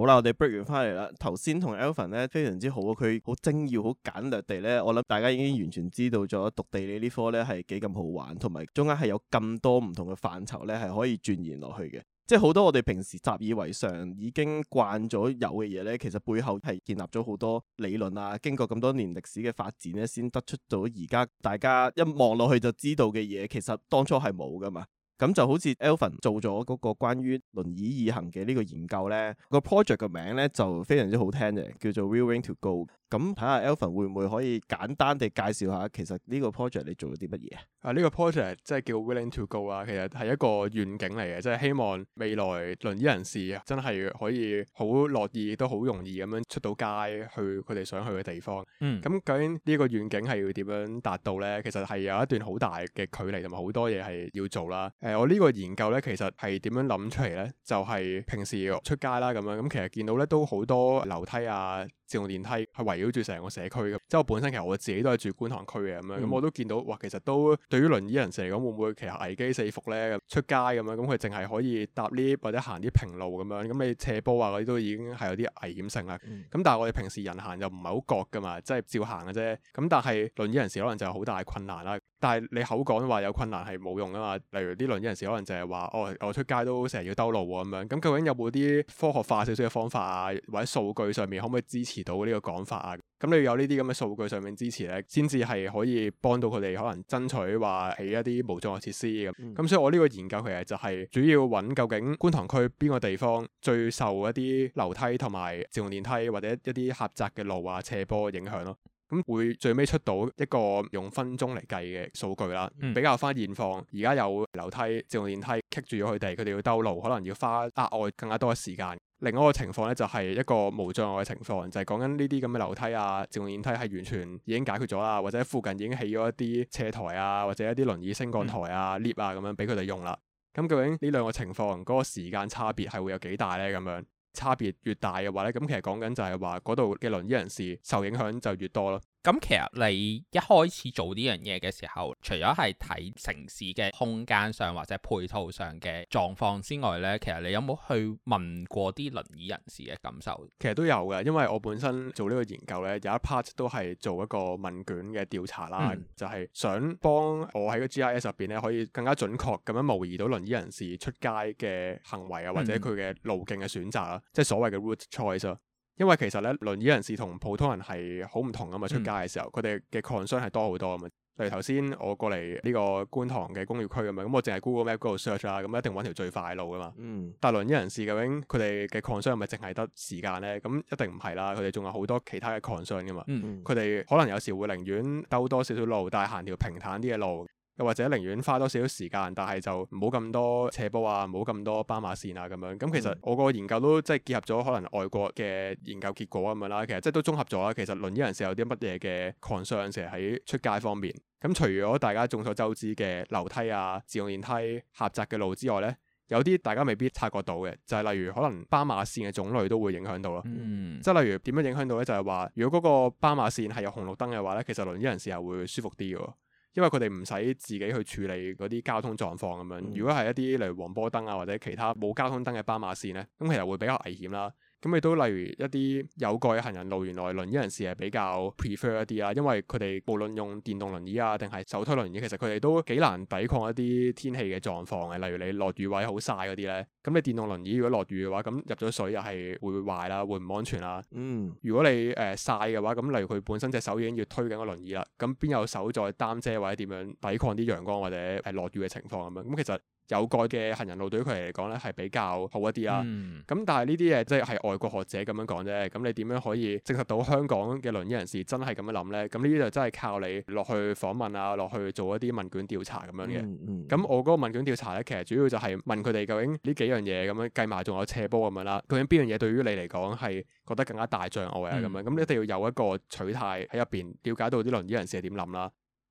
好啦，我哋 break 完翻嚟啦。頭先同 Alvin 咧非常之好，佢好精要、好簡略地咧，我諗大家已經完全知道咗讀地理呢科咧係幾咁好玩，同埋中間係有咁多唔同嘅範疇咧係可以鑽研落去嘅。即係好多我哋平時習以為常、已經慣咗有嘅嘢咧，其實背後係建立咗好多理論啊。經過咁多年歷史嘅發展咧，先得出到而家大家一望落去就知道嘅嘢，其實當初係冇噶嘛。咁就好似 Alvin 做咗嗰個關於輪椅易行嘅呢個研究咧，個 project 嘅名咧就非常之好聽嘅，叫做 Willing to Go。咁睇下 Alvin 會唔會可以簡單地介紹下，其實呢個 project 你做咗啲乜嘢啊？呢、呢個 project 即係叫 Willing to Go 啊，其實係一個願景嚟嘅，即係希望未來輪椅人士啊，真係可以好樂意，都好容易咁樣出到街去佢哋想去嘅地方。嗯，咁究竟呢個願景係要點樣達到呢？其實係有一段好大嘅距離同埋好多嘢係要做啦。誒、呃，我呢個研究呢，其實係點樣諗出嚟呢？就係、是、平時出街啦，咁樣咁，其實見到呢都好多樓梯啊。自動電梯係圍繞住成個社區嘅，即係我本身其實我自己都係住觀塘區嘅咁樣，咁、嗯、我都見到，哇，其實都對於輪椅人士嚟講，會唔會其實危機四伏咧？出街咁樣，咁佢淨係可以搭 lift，或者行啲平路咁樣，咁你斜坡啊嗰啲都已經係有啲危險性啦。咁、嗯、但係我哋平時人行又唔係好覺噶嘛，即係照行嘅啫。咁但係輪椅人士可能就有好大困難啦。但係你口講話有困難係冇用啊嘛，例如啲輪椅人士可能就係話，哦，我出街都成日要兜路喎咁樣。咁究竟有冇啲科學化少少嘅方法啊，或者數據上面可唔可以支持到呢個講法啊？咁你要有呢啲咁嘅數據上面支持咧，先至係可以幫到佢哋可能爭取話起一啲無障礙設施咁。咁、嗯、所以我呢個研究其實就係主要揾究竟觀塘區邊個地方最受一啲樓梯同埋自動電梯或者一啲狹窄嘅路啊斜坡影響咯。咁會最尾出到一個用分鐘嚟計嘅數據啦，嗯、比較翻現況。而家有樓梯、自動電梯棘住咗佢哋，佢哋要兜路，可能要花額外更加多嘅時間。另一個情況咧，就係、是、一個無障礙嘅情況，就係講緊呢啲咁嘅樓梯啊、自動電梯係完全已經解決咗啦，或者附近已經起咗一啲斜台啊，或者一啲輪椅升降台啊、lift、嗯、啊咁、啊、樣俾佢哋用啦。咁究竟呢兩個情況嗰、那個時間差別係會有幾大咧？咁樣？差別越大嘅話咧，咁其實講緊就係話嗰度嘅輪椅人士受影響就越多咯。咁其實你一開始做呢樣嘢嘅時候，除咗係睇城市嘅空間上或者配套上嘅狀況之外呢，其實你有冇去問過啲輪椅人士嘅感受？其實都有嘅，因為我本身做呢個研究呢，有一 part 都係做一個問卷嘅調查啦，嗯、就係想幫我喺個 GIS 入邊咧可以更加準確咁樣模擬到輪椅人士出街嘅行為啊，或者佢嘅路徑嘅選擇啦，嗯、即係所謂嘅 route choice。因為其實咧，輪椅人士同普通人係好唔同噶嘛，出街嘅時候，佢哋嘅 concern 係多好多噶嘛。例如頭先我過嚟呢個觀塘嘅工業區咁樣，咁我淨係 Google Map 嗰度 search 啦，咁一定揾條最快路噶嘛。嗯、但係輪椅人士究竟佢哋嘅 concern 係咪淨係得時間咧？咁一定唔係啦，佢哋仲有好多其他嘅 concern 噶嘛。佢哋、嗯嗯、可能有時會寧願兜多少少路，但係行條平坦啲嘅路。又或者寧願花多少少時間，但係就唔好咁多斜坡啊，好咁多斑馬線啊咁樣。咁其實我個研究都即係結合咗可能外國嘅研究結果咁樣啦。其實即係都綜合咗其實輪椅人士有啲乜嘢嘅創傷，成日喺出街方面。咁除咗大家眾所周知嘅樓梯啊、自動電梯、狹窄嘅路之外呢，有啲大家未必察覺到嘅，就係、是、例如可能斑馬線嘅種類都會影響到咯。嗯、即係例如點樣影響到呢？就係、是、話如果嗰個斑馬線係有紅綠燈嘅話呢，其實輪椅人士係會舒服啲嘅。因為佢哋唔使自己去處理嗰啲交通狀況咁樣，如果係一啲例如黃波燈啊或者其他冇交通燈嘅斑馬線呢，咁其實會比較危險啦。咁亦都例如一啲有蓋嘅行人路，原來輪椅人士係比較 prefer 一啲啦，因為佢哋無論用電動輪椅啊，定係手推輪椅，其實佢哋都幾難抵抗一啲天氣嘅狀況嘅。例如你落雨或者好曬嗰啲咧，咁你電動輪椅如果落雨嘅話，咁入咗水又係會壞啦、啊，會唔安全啦、啊。嗯。如果你誒、呃、曬嘅話，咁例如佢本身隻手已經要推緊個輪椅啦，咁邊有手再擔遮或者點樣抵抗啲陽光或者係落雨嘅情況咁樣？咁其實。有蓋嘅行人路對於佢哋嚟講咧係比較好一啲啦、啊。咁、嗯、但係呢啲嘢即係外國學者咁樣講啫。咁你點樣可以證實到香港嘅輪椅人士真係咁樣諗咧？咁呢啲就真係靠你落去訪問啊，落去做一啲問卷調查咁樣嘅。咁、嗯嗯、我嗰個問卷調查咧，其實主要就係問佢哋究竟呢幾樣嘢咁樣計埋，仲有斜坡咁樣啦。究竟邊樣嘢對於你嚟講係覺得更加大障礙啊？咁、嗯、樣咁你一定要有一個取態喺入邊，了解到啲輪椅人士點諗啦。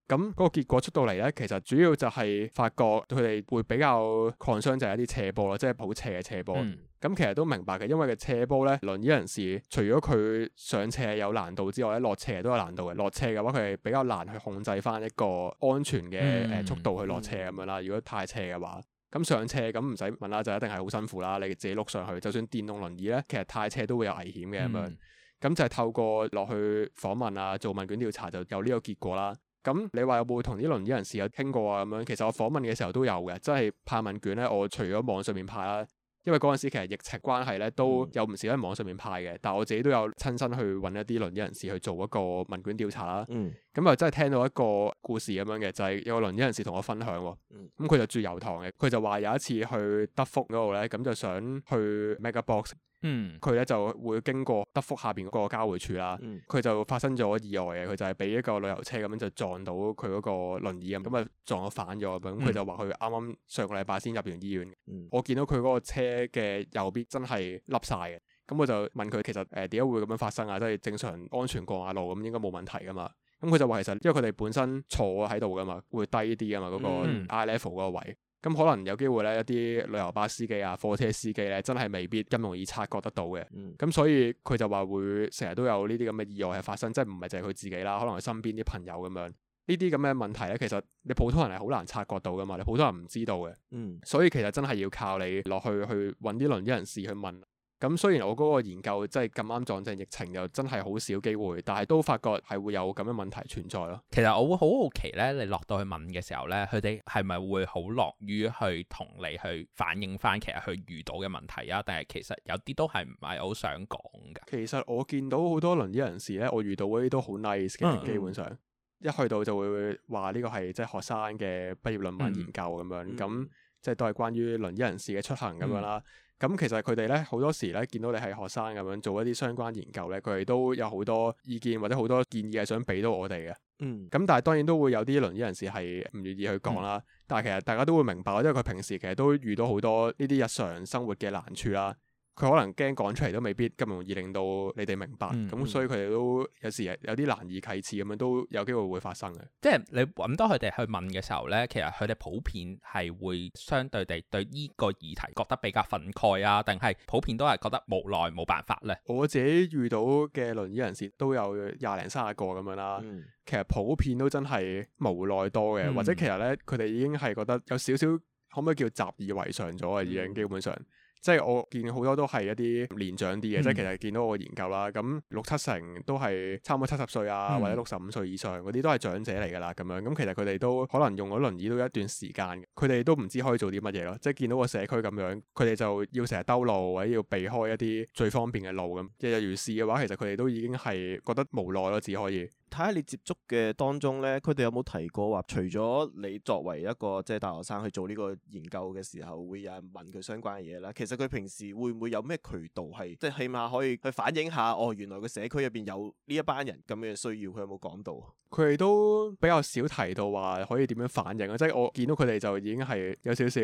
咁嗰個結果出到嚟呢，其實主要就係發覺佢哋會比較 concern 就係一啲斜坡啦，即係好斜嘅斜坡。咁、嗯、其實都明白嘅，因為個斜坡呢，輪椅人士除咗佢上斜有難度之外，咧落斜都有難度嘅。落斜嘅話，佢係比較難去控制翻一個安全嘅誒、嗯呃、速度去落斜咁樣啦。如果太斜嘅話，咁、嗯嗯、上斜咁唔使問啦，就一定係好辛苦啦。你自己碌上去，就算電動輪椅呢，其實太斜都會有危險嘅咁樣。咁、嗯、就係透過落去訪問啊，做問卷調查就有呢個結果啦。咁你話有冇同啲輪椅人士有傾過啊？咁樣其實我訪問嘅時候都有嘅，即係派問卷咧。我除咗網上面派啦、啊，因為嗰陣時其實疫情關係咧，都有唔少喺網上面派嘅。但係我自己都有親身去搵一啲輪椅人士去做一個問卷調查啦、啊。嗯。咁啊，真係聽到一個故事咁樣嘅，就係、是、有個輪椅人士同我分享喎、哦。咁、嗯、佢、嗯、就住油塘嘅，佢就話有一次去德福嗰度咧，咁就想去 MegaBox、嗯。佢咧就會經過德福下邊嗰個交匯處啦。佢、嗯、就發生咗意外嘅，佢就係俾一個旅遊車咁樣就撞到佢嗰個輪椅啊。咁啊、嗯、撞咗反咗，咁佢、嗯嗯、就話佢啱啱上個禮拜先入完醫院。嗯、我見到佢嗰個車嘅右邊真係凹晒嘅。咁我就問佢其實誒點解會咁樣發生啊？即、就、係、是、正常安全過下路咁應該冇問題㗎嘛。咁佢就話其實，因為佢哋本身坐喺度噶嘛，會低啲噶嘛嗰、那個 I level 嗰位，咁、mm hmm. 可能有機會咧一啲旅遊巴司機啊、貨車司機咧，真係未必咁容易察覺得到嘅。咁、mm hmm. 所以佢就話會成日都有呢啲咁嘅意外係發生，即係唔係淨係佢自己啦，可能佢身邊啲朋友咁樣呢啲咁嘅問題咧，其實你普通人係好難察覺到噶嘛，你普通人唔知道嘅。嗯、mm，hmm. 所以其實真係要靠你落去去揾啲輪椅人士去問。咁雖然我嗰個研究即係咁啱撞正疫情，又真係好少機會，但係都發覺係會有咁嘅問題存在咯。其實我會好好奇咧，你落到去問嘅時候咧，佢哋係咪會好樂於去同你去反映翻，其實佢遇到嘅問題啊？定係其實有啲都係唔係好想講噶。其實我見到好多輪椅人士咧，我遇到嗰啲都好 nice 嘅，嗯、基本上一去到就會話呢個係即係學生嘅畢業論文研究咁樣，咁、嗯、即係都係關於輪椅人士嘅出行咁樣啦。嗯咁其實佢哋咧，好多時咧，見到你係學生咁樣做一啲相關研究咧，佢哋都有好多意見或者好多建議係想俾到我哋嘅。咁、嗯、但係當然都會有啲輪椅人士係唔願意去講啦。嗯、但係其實大家都會明白，因為佢平時其實都遇到好多呢啲日常生活嘅難處啦。佢可能驚講出嚟都未必咁容易令到你哋明白，咁、嗯嗯、所以佢哋都有時有啲難以啟齒咁樣都有機會會發生嘅。即係你搵多佢哋去問嘅時候呢，其實佢哋普遍係會相對地對呢個議題覺得比較憤慨啊，定係普遍都係覺得無奈冇辦法呢？我自己遇到嘅輪椅人士都有廿零三十個咁樣啦，嗯、其實普遍都真係無奈多嘅，嗯、或者其實呢，佢哋已經係覺得有少少可唔可以叫習以為常咗啊，已經、嗯、基本上。即係我見好多都係一啲年長啲嘅，嗯、即係其實見到我研究啦，咁六七成都係差唔多七十歲啊，嗯、或者六十五歲以上嗰啲都係長者嚟㗎啦，咁樣咁其實佢哋都可能用咗輪椅都一段時間，佢哋都唔知可以做啲乜嘢咯，即係見到個社區咁樣，佢哋就要成日兜路或者要避開一啲最方便嘅路咁，日日如是嘅話，其實佢哋都已經係覺得無奈咯，只可以。睇下你接觸嘅當中咧，佢哋有冇提過話，除咗你作為一個即係大學生去做呢個研究嘅時候，會有人問佢相關嘅嘢啦。其實佢平時會唔會有咩渠道係即係起碼可以去反映下哦？原來個社區入邊有呢一班人咁嘅需要，佢有冇講到？佢哋都比較少提到話可以點樣反映啊，即係我見到佢哋就已經係有少少，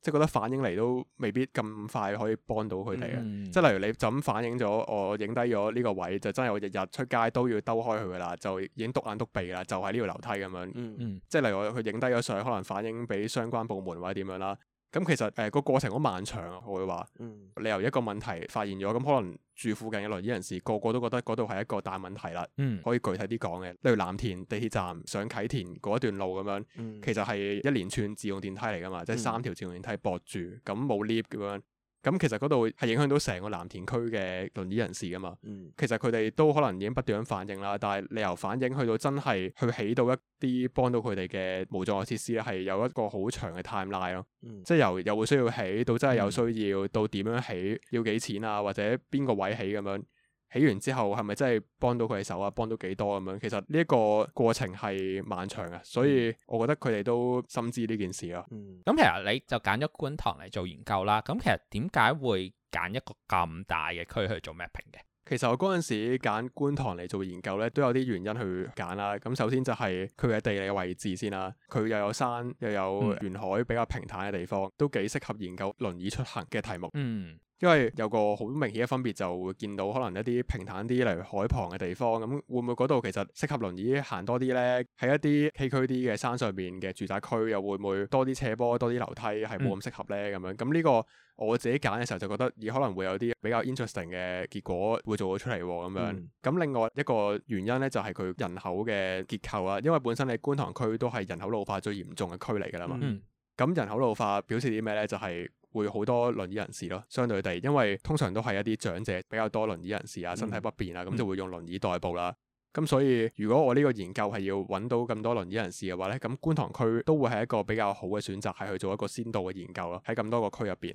即係覺得反映嚟都未必咁快可以幫到佢哋啊。嗯、即係例如你就咁反映咗，我影低咗呢個位就真係我日日出街都要兜開佢噶啦，就已經篤眼篤鼻啦，就喺呢條樓梯咁樣。嗯、即係例如佢影低咗相，可能反映俾相關部門或者點樣啦。咁、嗯、其實誒個、呃、過程好漫長，我會話，嗯、你由一個問題發現咗，咁可能住附近嘅輪椅人士個個都覺得嗰度係一個大問題啦。嗯、可以具體啲講嘅，例如藍田地鐵站上啟田嗰段路咁樣，嗯、其實係一連串自動電梯嚟㗎嘛，即係三條自動電梯駁住，咁冇 lift 咁樣。咁其實嗰度係影響到成個藍田區嘅輪椅人士噶嘛，嗯、其實佢哋都可能已經不斷咁反映啦，但係你由反映去到真係去起到一啲幫到佢哋嘅無障礙設施咧，係有一個好長嘅 timeline 咯，嗯、即係由有需要起到真係有需要到點樣起，要幾錢啊，或者邊個位起咁樣。起完之後，係咪真係幫到佢嘅手啊？幫到幾多咁樣？其實呢一個過程係漫長嘅，所以我覺得佢哋都深知呢件事咯。咁其實你就揀咗觀塘嚟做研究啦。咁其實點解會揀一個咁大嘅區去做 mapping 嘅？其實我嗰陣時揀觀塘嚟做研究呢，都有啲原因去揀啦。咁首先就係佢嘅地理位置先啦。佢又有山又有沿海，比較平坦嘅地方，嗯、都幾適合研究輪椅出行嘅題目。嗯。因為有個好明顯嘅分別，就會見到可能一啲平坦啲，例如海旁嘅地方，咁會唔會嗰度其實適合輪椅行多啲呢？喺一啲崎嶇啲嘅山上面嘅住宅區，又會唔會多啲斜坡、多啲樓梯，係冇咁適合呢？咁樣咁呢個我自己揀嘅時候，就覺得而可能會有啲比較 interesting 嘅結果會做到出嚟喎。咁樣咁、嗯、另外一個原因呢，就係佢人口嘅結構啊。因為本身你觀塘區都係人口老化最嚴重嘅區嚟㗎啦嘛。咁、嗯、人口老化表示啲咩呢？就係、是會好多輪椅人士咯，相對地，因為通常都係一啲長者比較多輪椅人士啊，身體不便啊，咁就會用輪椅代步啦。咁、嗯嗯、所以如果我呢個研究係要揾到咁多輪椅人士嘅話呢，咁觀塘區都會係一個比較好嘅選擇，係去做一個先導嘅研究咯，喺咁多個區入邊。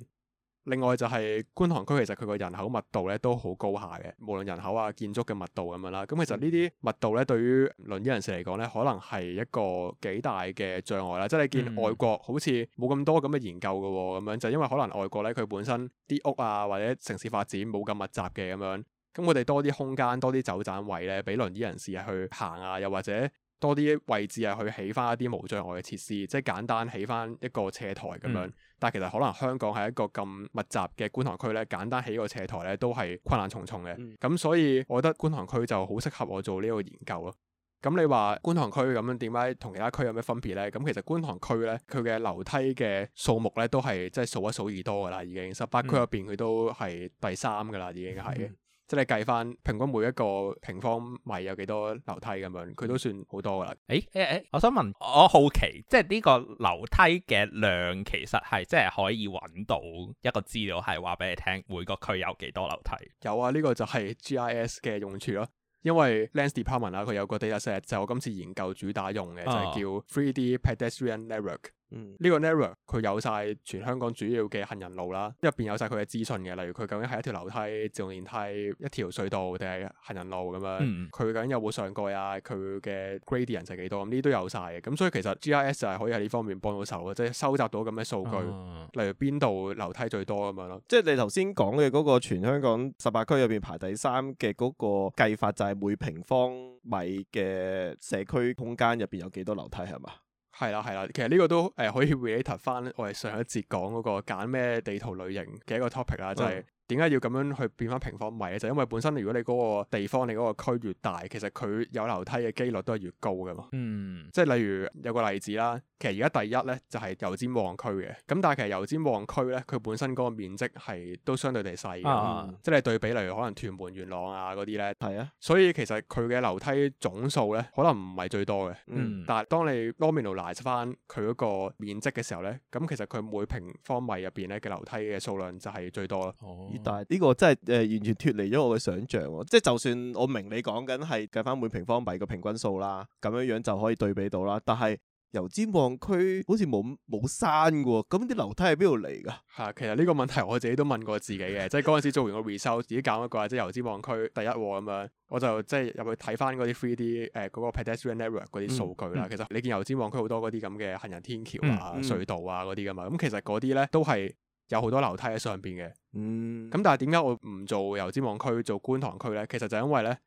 另外就係觀塘區，其實佢個人口密度咧都好高下嘅，無論人口啊、建築嘅密度咁樣啦。咁其實呢啲密度咧，對於輪椅人士嚟講咧，可能係一個幾大嘅障礙啦、啊。即係你見外國好似冇咁多咁嘅研究嘅咁、啊、樣，就係、因為可能外國咧佢本身啲屋啊或者城市發展冇咁密集嘅咁樣，咁我哋多啲空間、多啲走盞位咧，俾輪椅人士去行啊，又或者。多啲位置啊，去起翻一啲無障礙嘅設施，即係簡單起翻一個斜台咁樣。嗯、但係其實可能香港係一個咁密集嘅觀塘區呢，簡單起個斜台呢都係困難重重嘅。咁、嗯、所以我覺得觀塘區就好適合我做呢個研究咯。咁你話觀塘區咁樣點解同其他區有咩分別呢？咁其實觀塘區呢，佢嘅樓梯嘅數目呢都係即係數一數二多噶啦，已經十八區入邊佢都係第三噶啦，已經係。嗯即係計翻平均每一個平方米有幾多樓梯咁樣，佢都算好多噶啦。誒誒誒，我想問，我好奇，即係呢個樓梯嘅量，其實係即係可以揾到一個資料，係話俾你聽每個區有幾多樓梯？有啊，呢、呢個就係 GIS 嘅用處咯。因為 Lands Department 佢有個 data set 就我今次研究主打用嘅，就係、係、叫 3D Pedestrian Network。啊呢、嗯、個 network 佢有晒全香港主要嘅行人路啦，入邊有晒佢嘅資訊嘅，例如佢究竟係一條樓梯、自動電梯、一條隧道定係行人路咁樣，佢、嗯、究竟有冇上蓋啊？佢嘅 gradient 係幾多？咁呢啲都有晒嘅，咁、嗯、所以其實 GIS 就係可以喺呢方面幫到手嘅，即係收集到咁嘅數據，啊、例如邊度樓梯最多咁樣咯。即係你頭先講嘅嗰個全香港十八區入邊排第三嘅嗰個計法就係每平方米嘅社區空間入邊有幾多樓梯係嘛？係啦，係啦，其實呢個都誒可以 r e a 回應返我哋上一節講嗰個揀咩地圖類型嘅一個 topic 啊、嗯，就係、是。點解要咁樣去變翻平方米咧？就是、因為本身如果你嗰個地方、你嗰個區越大，其實佢有樓梯嘅機率都係越高噶嘛。嗯，即係例如有個例子啦，其實而家第一咧就係、是、油尖旺區嘅，咁但係其實油尖旺區咧，佢本身嗰個面積係都相對地細嘅，啊嗯、即係對比例如可能屯門、元朗啊嗰啲咧。係啊，所以其實佢嘅樓梯總數咧可能唔係最多嘅。嗯，嗯但係當你 nominalize 翻佢嗰個面積嘅時候咧，咁其實佢每平方米入邊咧嘅樓梯嘅數量就係最多咯。哦。但係呢個真係誒完全脫離咗我嘅想像喎，即係就算我明你講緊係計翻每平方米嘅平均數啦，咁樣樣就可以對比到啦。但係油尖旺區好似冇冇山嘅喎，咁啲樓梯係邊度嚟㗎？係、啊、其實呢個問題我自己都問過自己嘅，即係嗰陣時做完個 research，自己搞一個即係、即係、油尖旺區第一喎咁樣，我就即係入去睇翻嗰啲 three D 誒、呃、嗰、嗰個 pedestrian network 嗰啲數據啦。嗯嗯、其實你見油尖旺區好多嗰啲咁嘅行人天橋啊、嗯嗯、隧道啊嗰啲㗎嘛，咁、嗯嗯嗯嗯嗯嗯嗯嗯、其實嗰啲咧都係。有好多樓梯喺上邊嘅，咁、嗯、但係點解我唔做油尖旺區做觀塘區咧？其實就因為咧，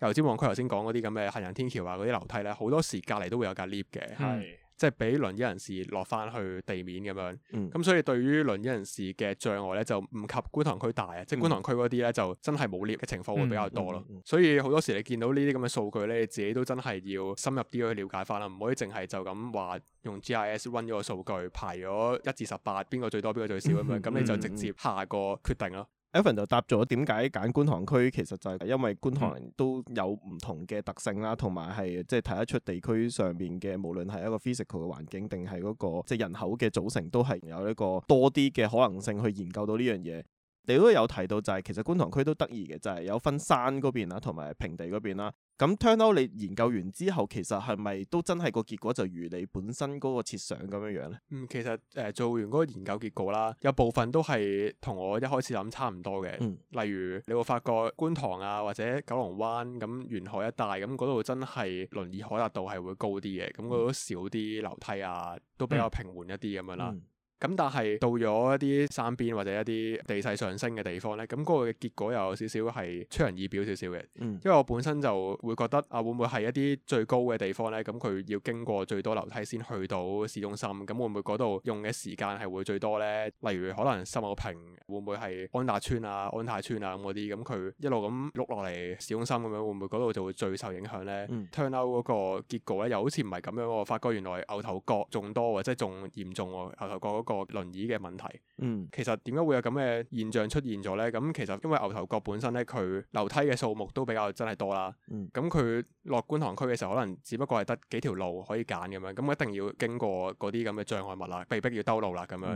油尖旺區頭先講嗰啲咁嘅行人天橋啊、嗰啲樓梯咧，好多時隔離都會有隔 l 嘅，係、嗯。即係俾輪椅人士落翻去地面咁樣，咁、嗯、所以對於輪椅人士嘅障礙呢，就唔及觀塘區大啊！嗯、即係觀塘區嗰啲呢，就真係冇 lift 嘅情況會比較多咯。嗯嗯嗯嗯、所以好多時你見到呢啲咁嘅數據呢，你自己都真係要深入啲去了解翻啦，唔可以淨係就咁話用 GIS run 咗個數據排咗一至十八，邊個最多，邊個最少咁樣，咁、嗯嗯、你就直接下個決定咯。嗯嗯嗯嗯 Evan 就答咗點解揀觀塘區，其實就係因為觀塘都有唔同嘅特性啦，同埋係即係睇得出地區上面嘅無論係一個 physical 嘅環境定係嗰個即係、就是、人口嘅組成，都係有一個多啲嘅可能性去研究到呢樣嘢。你都有提到就係、是、其實觀塘區都得意嘅，就係、是、有分山嗰邊啦，同埋平地嗰邊啦。咁 turnout 你研究完之後，其實係咪都真係個結果就如你本身嗰個設想咁樣樣咧？嗯，其實誒、呃、做完嗰個研究結果啦，有部分都係同我一開始諗差唔多嘅。嗯、例如你會發覺觀塘啊或者九龍灣咁沿海一帶咁嗰度真係輪椅可達度係會高啲嘅，咁嗰度少啲樓梯啊，都比較平緩一啲咁樣啦。嗯嗯咁但係到咗一啲山邊或者一啲地勢上升嘅地方呢，咁嗰個嘅結果又有少少係出人意表少少嘅。嗯、因為我本身就會覺得啊，會唔會係一啲最高嘅地方呢？咁佢要經過最多樓梯先去到市中心，咁會唔會嗰度用嘅時間係會最多呢？例如可能秀茂坪會唔會係安達村啊、安泰村啊咁嗰啲，咁佢一路咁碌落嚟市中心咁樣，會唔會嗰度就會最受影響呢、嗯、turn out 嗰個結果呢，又好似唔係咁樣喎，發覺原來牛頭角仲多，即係仲嚴重喎、啊，牛頭角。個輪椅嘅問題，嗯，其實點解會有咁嘅現象出現咗呢？咁其實因為牛頭角本身咧，佢樓梯嘅數目都比較真係多啦，嗯，咁佢落觀塘區嘅時候，可能只不過係得幾條路可以揀咁樣，咁一定要經過嗰啲咁嘅障礙物啦，被逼要兜路啦咁樣，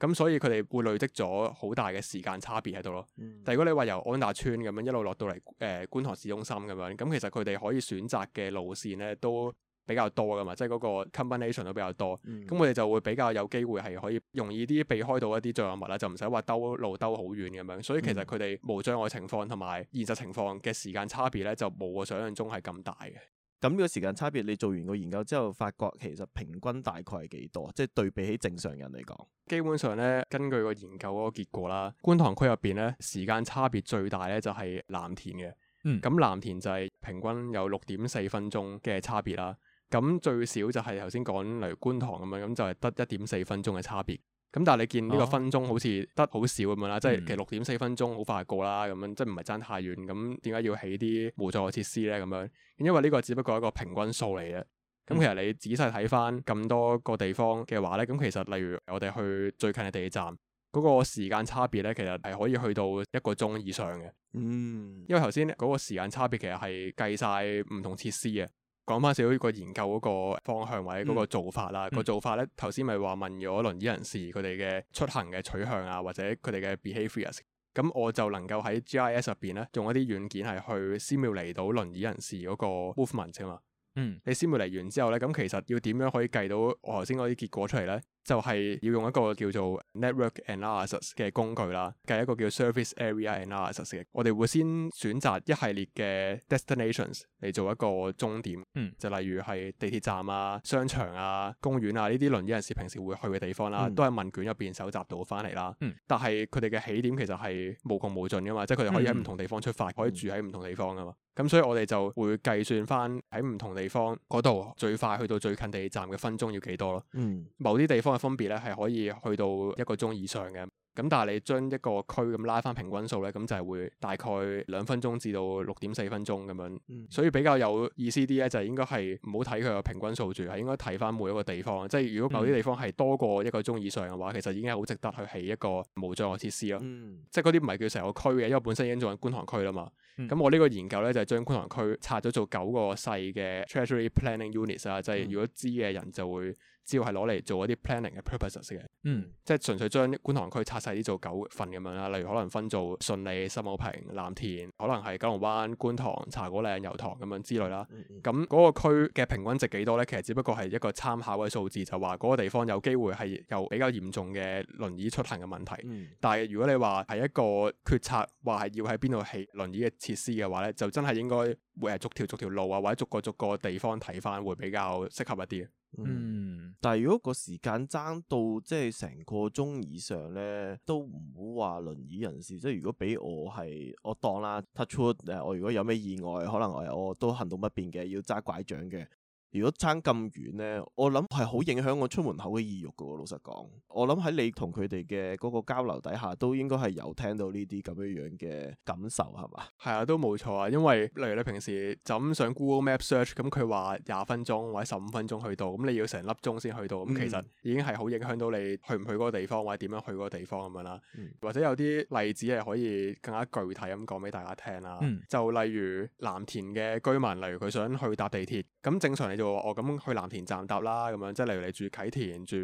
咁、嗯、所以佢哋會累積咗好大嘅時間差別喺度咯。嗯、但如果你話由安達邨咁樣一路落到嚟，誒、呃、觀塘市中心咁樣，咁其實佢哋可以選擇嘅路線咧都。比較多噶嘛，即係嗰個 combination 都比較多，咁我哋就會比較有機會係可以容易啲避開到一啲障礙物啦，就唔使話兜路兜好遠咁樣。所以其實佢哋無障礙情況同埋現實情況嘅時間差別咧，就冇我想象中係咁大嘅。咁呢，嗯，個時間差別，你做完個研究之後，發覺其實平均大概係幾多？即係對比起正常人嚟講，基本上咧，根據個研究嗰個結果啦，觀塘區入邊咧，時間差別最大咧就係藍田嘅。嗯，咁藍田就係平均有六點四分鐘嘅差別啦。咁最少就係頭先講，例如觀塘咁樣，咁就係得一點四分鐘嘅差別。咁但係你見呢個分鐘好似得好少咁樣啦，啊、即係其實六點四分鐘好快過啦，咁樣即係唔係爭太遠。咁點解要起啲無助嘅設施咧？咁樣因為呢個只不過係一個平均數嚟嘅。咁其實你仔細睇翻咁多個地方嘅話咧，咁其實例如我哋去最近嘅地鐵站嗰、嗰個時間差別咧，其實係可以去到一個鐘以上嘅。嗯，因為頭先嗰個時間差別其實係計晒唔同設施嘅。講翻少少個研究嗰個方向或者嗰個做法啦，嗯、個做法咧頭先咪話問咗輪椅人士佢哋嘅出行嘅取向啊，或者佢哋嘅 behaviours，咁我就能夠喺 GIS 入邊咧用一啲軟件係去 simulate 到輪椅人士嗰個 movement 啊嘛，嗯，你 simulate 完之後咧，咁其實要點樣可以計到我頭先嗰啲結果出嚟咧？就係要用一個叫做 network analysis 嘅工具啦，計、就是、一個叫 service area analysis 嘅，我哋會先選擇一系列嘅 destinations 嚟做一個終點，嗯，就例如係地鐵站啊、商場啊、公園啊呢啲輪椅人士平時會去嘅地方啦，嗯、都係問卷入邊搜集到翻嚟啦。嗯，但係佢哋嘅起點其實係無窮無盡噶嘛，嗯、即係佢哋可以喺唔同地方出發，嗯、可以住喺唔同地方噶嘛。咁所以我哋就會計算翻喺唔同地方度最快去到最近地鐵站嘅分鐘要幾多咯。嗯，某啲地方。分別咧係可以去到一個鐘以上嘅，咁但係你將一個區咁拉翻平均數咧，咁就係會大概兩分鐘至到六點四分鐘咁樣。嗯、所以比較有意思啲咧，就係、是、應該係唔好睇佢個平均數住，係應該睇翻每一個地方。即係如果某啲地方係多過一個鐘以上嘅話，其實已經係好值得去起一個無障礙設施咯。嗯、即係嗰啲唔係叫成個區嘅，因為本身已經做緊觀塘區啦嘛。咁、嗯、我呢個研究咧就係、是、將觀塘區拆咗做九個細嘅 Treasury e Planning Units 啊，就係、是、如果知嘅人就會。只要係攞嚟做一啲 planning 嘅 purposes 嘅，嗯，即係純粹將觀塘區拆晒啲做九份咁樣啦，例如可能分做順利、秀茂坪、藍田，可能係九龍灣、觀塘、茶果嶺、油塘咁樣之類啦。咁嗰、嗯嗯嗰個區嘅平均值幾多呢？其實只不過係一個參考嘅數字，就話嗰個地方有機會係有比較嚴重嘅輪椅出行嘅問題。嗯、但係如果你話係一個決策，話係要喺邊度起輪椅嘅設施嘅話呢，就真係應該，會誒逐條逐條路啊，或者逐個逐個地方睇翻，會比較適合一啲。嗯，但係如果個時間爭到即係成個鐘以上呢，都唔好話輪椅人士。即係如果俾我係，我當啦，touch wood，我如果有咩意外，可能我我都行動不便嘅，要揸拐杖嘅。如果差咁遠呢，我諗係好影響我出門口嘅意欲噶。老實講，我諗喺你同佢哋嘅嗰個交流底下，都應該係有聽到呢啲咁樣樣嘅感受，係嘛？係啊，都冇錯啊。因為例如你平時就咁上 Google Map search，咁佢話廿分鐘或者十五分鐘去到，咁你要成粒鐘先去到，咁其實已經係好影響到你去唔去嗰個地方，或者點樣去嗰個地方咁樣啦。嗯、或者有啲例子係可以更加具體咁講俾大家聽啦。嗯、就例如藍田嘅居民，例如佢想去搭地鐵。咁正常你就話我咁去藍田站搭啦，咁樣即係例如你住啟田住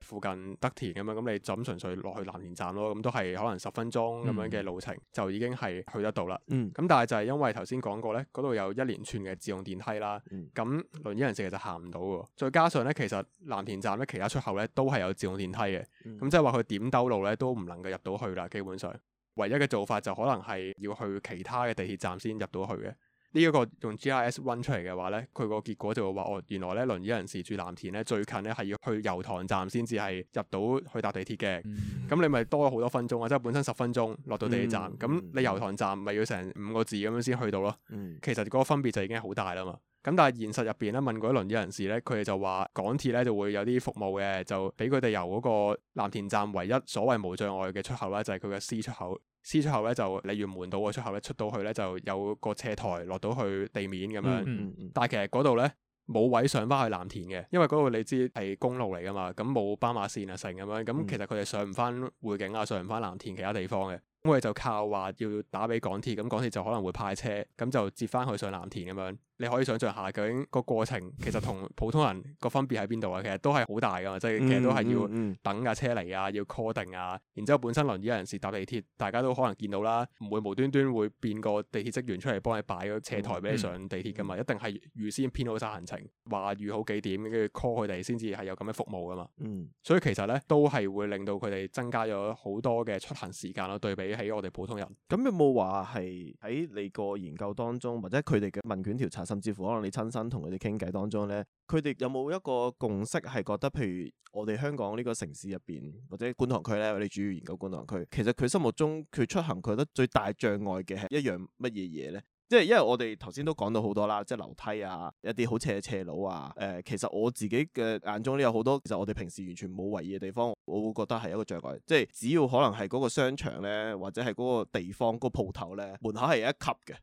附近德田咁樣，咁你就咁純粹落去藍田站咯，咁都係可能十分鐘咁樣嘅路程、嗯、就已經係去得到啦。嗯，咁但係就係因為頭先講過呢，嗰度有一連串嘅自動電梯啦，咁輪椅人士就行唔到喎。再加上呢，其實藍田站咧其他出口咧都係有自動電梯嘅，咁即係話佢點兜路咧都唔能夠入到去啦。基本上，唯一嘅做法就可能係要去其他嘅地鐵站先入到去嘅。呢一個用 GIS run 出嚟嘅話咧，佢個結果就會話哦，原來咧，輪椅人士住藍田咧最近咧係要去油塘站先至係入到去搭地鐵嘅，咁、嗯嗯、你咪多咗好多分鐘啊！即係本身十分鐘落到地鐵站，咁、嗯、你油塘站咪要成五個字咁樣先去到咯。嗯、其實嗰個分別就已經好大啦嘛。咁但係現實入邊咧，問過一輪椅人士咧，佢哋就話港鐵咧就會有啲服務嘅，就俾佢哋由嗰個藍田站唯一所謂無障礙嘅出口咧，就係佢嘅 C 出口。C 出口咧就，你如門道嘅出口咧出到去咧就有個斜台落到去地面咁樣，嗯嗯、但係其實嗰度咧冇位上翻去藍田嘅，因為嗰度你知係公路嚟噶嘛，咁冇斑馬線啊成咁樣，咁其實佢哋上唔翻匯景啊，上唔翻藍田其他地方嘅，咁我哋就靠話要打俾港鐵，咁港鐵就可能會派車，咁就接翻去上藍田咁樣。你可以想象下，究竟個過程其實同普通人個分別喺邊度啊？其實都係好大噶，嗯、即係其實都係要等架車嚟啊，嗯、要 call 定啊、嗯，然之後本身輪椅人士搭地鐵，大家都可能見到啦，唔會無端端會變個地鐵職員出嚟幫你擺嗰斜台俾你上地鐵噶嘛，嗯嗯、一定係預先編好晒行程，話預好幾點，跟住 call 佢哋先至係有咁嘅服務噶嘛。嗯，所以其實咧都係會令到佢哋增加咗好多嘅出行時間咯，對比喺我哋普通人。咁、嗯嗯、有冇話係喺你個研究當中，或者佢哋嘅問卷調查？甚至乎可能你親身同佢哋傾偈當中咧，佢哋有冇一個共識係覺得，譬如我哋香港呢個城市入邊或者觀塘區咧，我哋主要研究觀塘區，其實佢心目中佢出行佢覺得最大障礙嘅係一樣乜嘢嘢咧？即係因為我哋頭先都講到好多啦，即係樓梯啊，一啲好斜斜路啊，誒、呃，其實我自己嘅眼中都有好多，其實我哋平時完全冇為意嘅地方，我會覺得係一個障礙。即係只要可能係嗰個商場咧，或者係嗰個地方、嗰個鋪頭咧，門口係有一級嘅。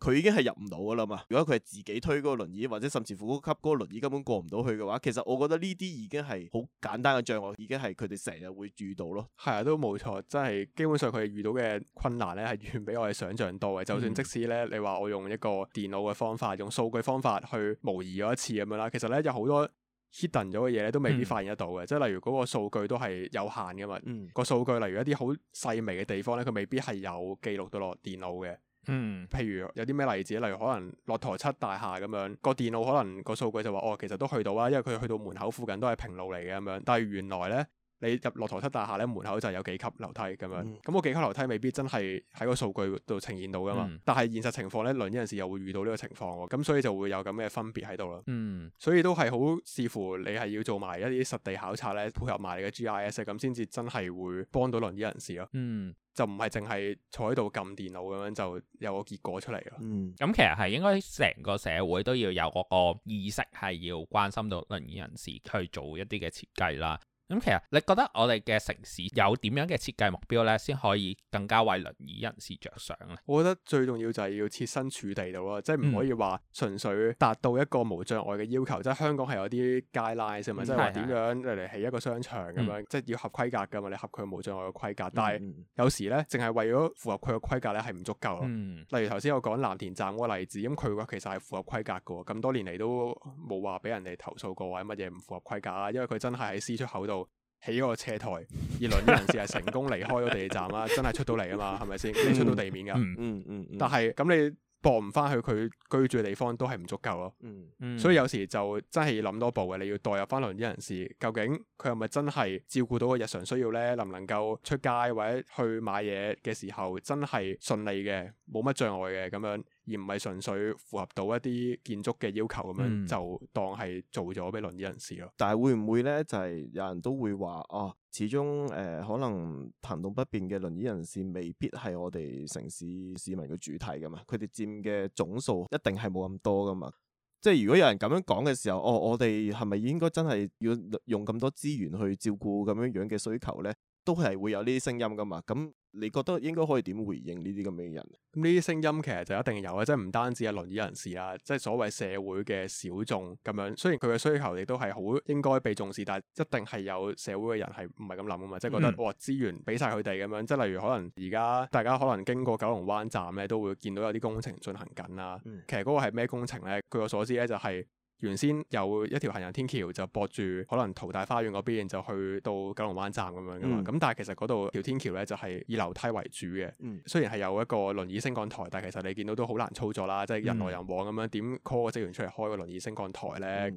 佢已經係入唔到噶啦嘛！如果佢係自己推嗰個輪椅，或者甚至扶手級嗰個輪椅根本過唔到去嘅話，其實我覺得呢啲已經係好簡單嘅障礙，已經係佢哋成日會遇到咯。係啊，都冇錯，即係基本上佢哋遇到嘅困難咧，係遠比我哋想象多嘅。就算即使咧，你話我用一個電腦嘅方法，用數據方法去模擬咗一次咁樣啦，其實咧有好多 hidden 咗嘅嘢咧，都未必發現得到嘅。嗯、即係例如嗰個數據都係有限噶嘛，嗯、個數據例如一啲好細微嘅地方咧，佢未必係有記錄到落電腦嘅。嗯，譬如有啲咩例子？例如可能駱駝漆大廈咁樣，個電腦可能個數據就話哦，其實都去到啊，因為佢去到門口附近都係平路嚟嘅咁樣。但係原來呢。你入落駱駝漆大廈咧，門口就有幾級樓梯咁、嗯、樣。咁個幾級樓梯未必真係喺個數據度呈現到噶嘛。嗯、但係現實情況咧，輪椅人士又會遇到呢個情況喎。咁所以就會有咁嘅分別喺度啦。嗯，所以都係好視乎你係要做埋一啲實地考察咧，配合埋你嘅 G I S 咁先至真係會幫到輪椅人士咯。嗯，就唔係淨係坐喺度撳電腦咁樣就有個結果出嚟啦。嗯，咁、嗯、其實係應該成個社會都要有嗰個意識，係要關心到輪椅人士去做一啲嘅設計啦。咁其實你覺得我哋嘅城市有點樣嘅設計目標咧，先可以更加為輪椅人士着想咧？我覺得最重要就係要設身處地度咯，即係唔可以話純粹達到一個無障礙嘅要求。嗯、即係香港係有啲街拉線啊，即係話點樣嚟起一個商場咁樣，嗯、即係要合規格噶嘛？你合佢無障礙嘅規格，但係有時咧，淨係為咗符合佢嘅規格咧，係唔足夠。例如頭先我講藍田站嗰個例子，咁佢話其實係符合規格嘅喎，咁多年嚟都冇話俾人哋投訴過或者乜嘢唔符合規格啊，因為佢真係喺 C 出口度。起嗰個斜台，而輪椅人士係成功離開咗地鐵站啦，真係出到嚟啊嘛，係咪先？你出到地面噶， 嗯嗯嗯、但係咁你駁唔翻去佢居住嘅地方都係唔足夠咯，嗯嗯、所以有時就真係要諗多步嘅，你要代入翻輪椅人士，究竟佢係咪真係照顧到個日常需要呢？能唔能夠出街或者去買嘢嘅時候真係順利嘅，冇乜障礙嘅咁樣。而唔係純粹符合到一啲建築嘅要求咁樣，嗯、就當係做咗俾輪椅人士咯。但係會唔會咧？就係、是、有人都會話哦，始終誒、呃、可能行動不便嘅輪椅人士未必係我哋城市市民嘅主體噶嘛。佢哋佔嘅總數一定係冇咁多噶嘛。即係如果有人咁樣講嘅時候，哦，我哋係咪應該真係要用咁多資源去照顧咁樣樣嘅需求咧？都係會有呢啲聲音噶嘛。咁。你覺得應該可以點回應呢啲咁嘅人？呢啲聲音其實就一定有嘅，即係唔單止係輪椅人士啊，即係所謂社會嘅小眾咁樣。雖然佢嘅需求亦都係好應該被重視，但係一定係有社會嘅人係唔係咁諗啊嘛？即係覺得、嗯、哇資源俾晒佢哋咁樣。即係例如可能而家大家可能經過九龍灣站咧，都會見到有啲工程進行緊、啊、啦。嗯、其實嗰個係咩工程咧？據我所知咧，就係。原先有一條行人天橋，就駁住可能淘大花園嗰邊，就去到九龍灣站咁樣噶嘛、嗯。咁但係其實嗰度條天橋咧，就係、是、以樓梯為主嘅。嗯、雖然係有一個輪椅升降台，但係其實你見到都好難操作啦，即、就、係、是、人來人往咁樣點 call 個職員出嚟開個輪椅升降台咧。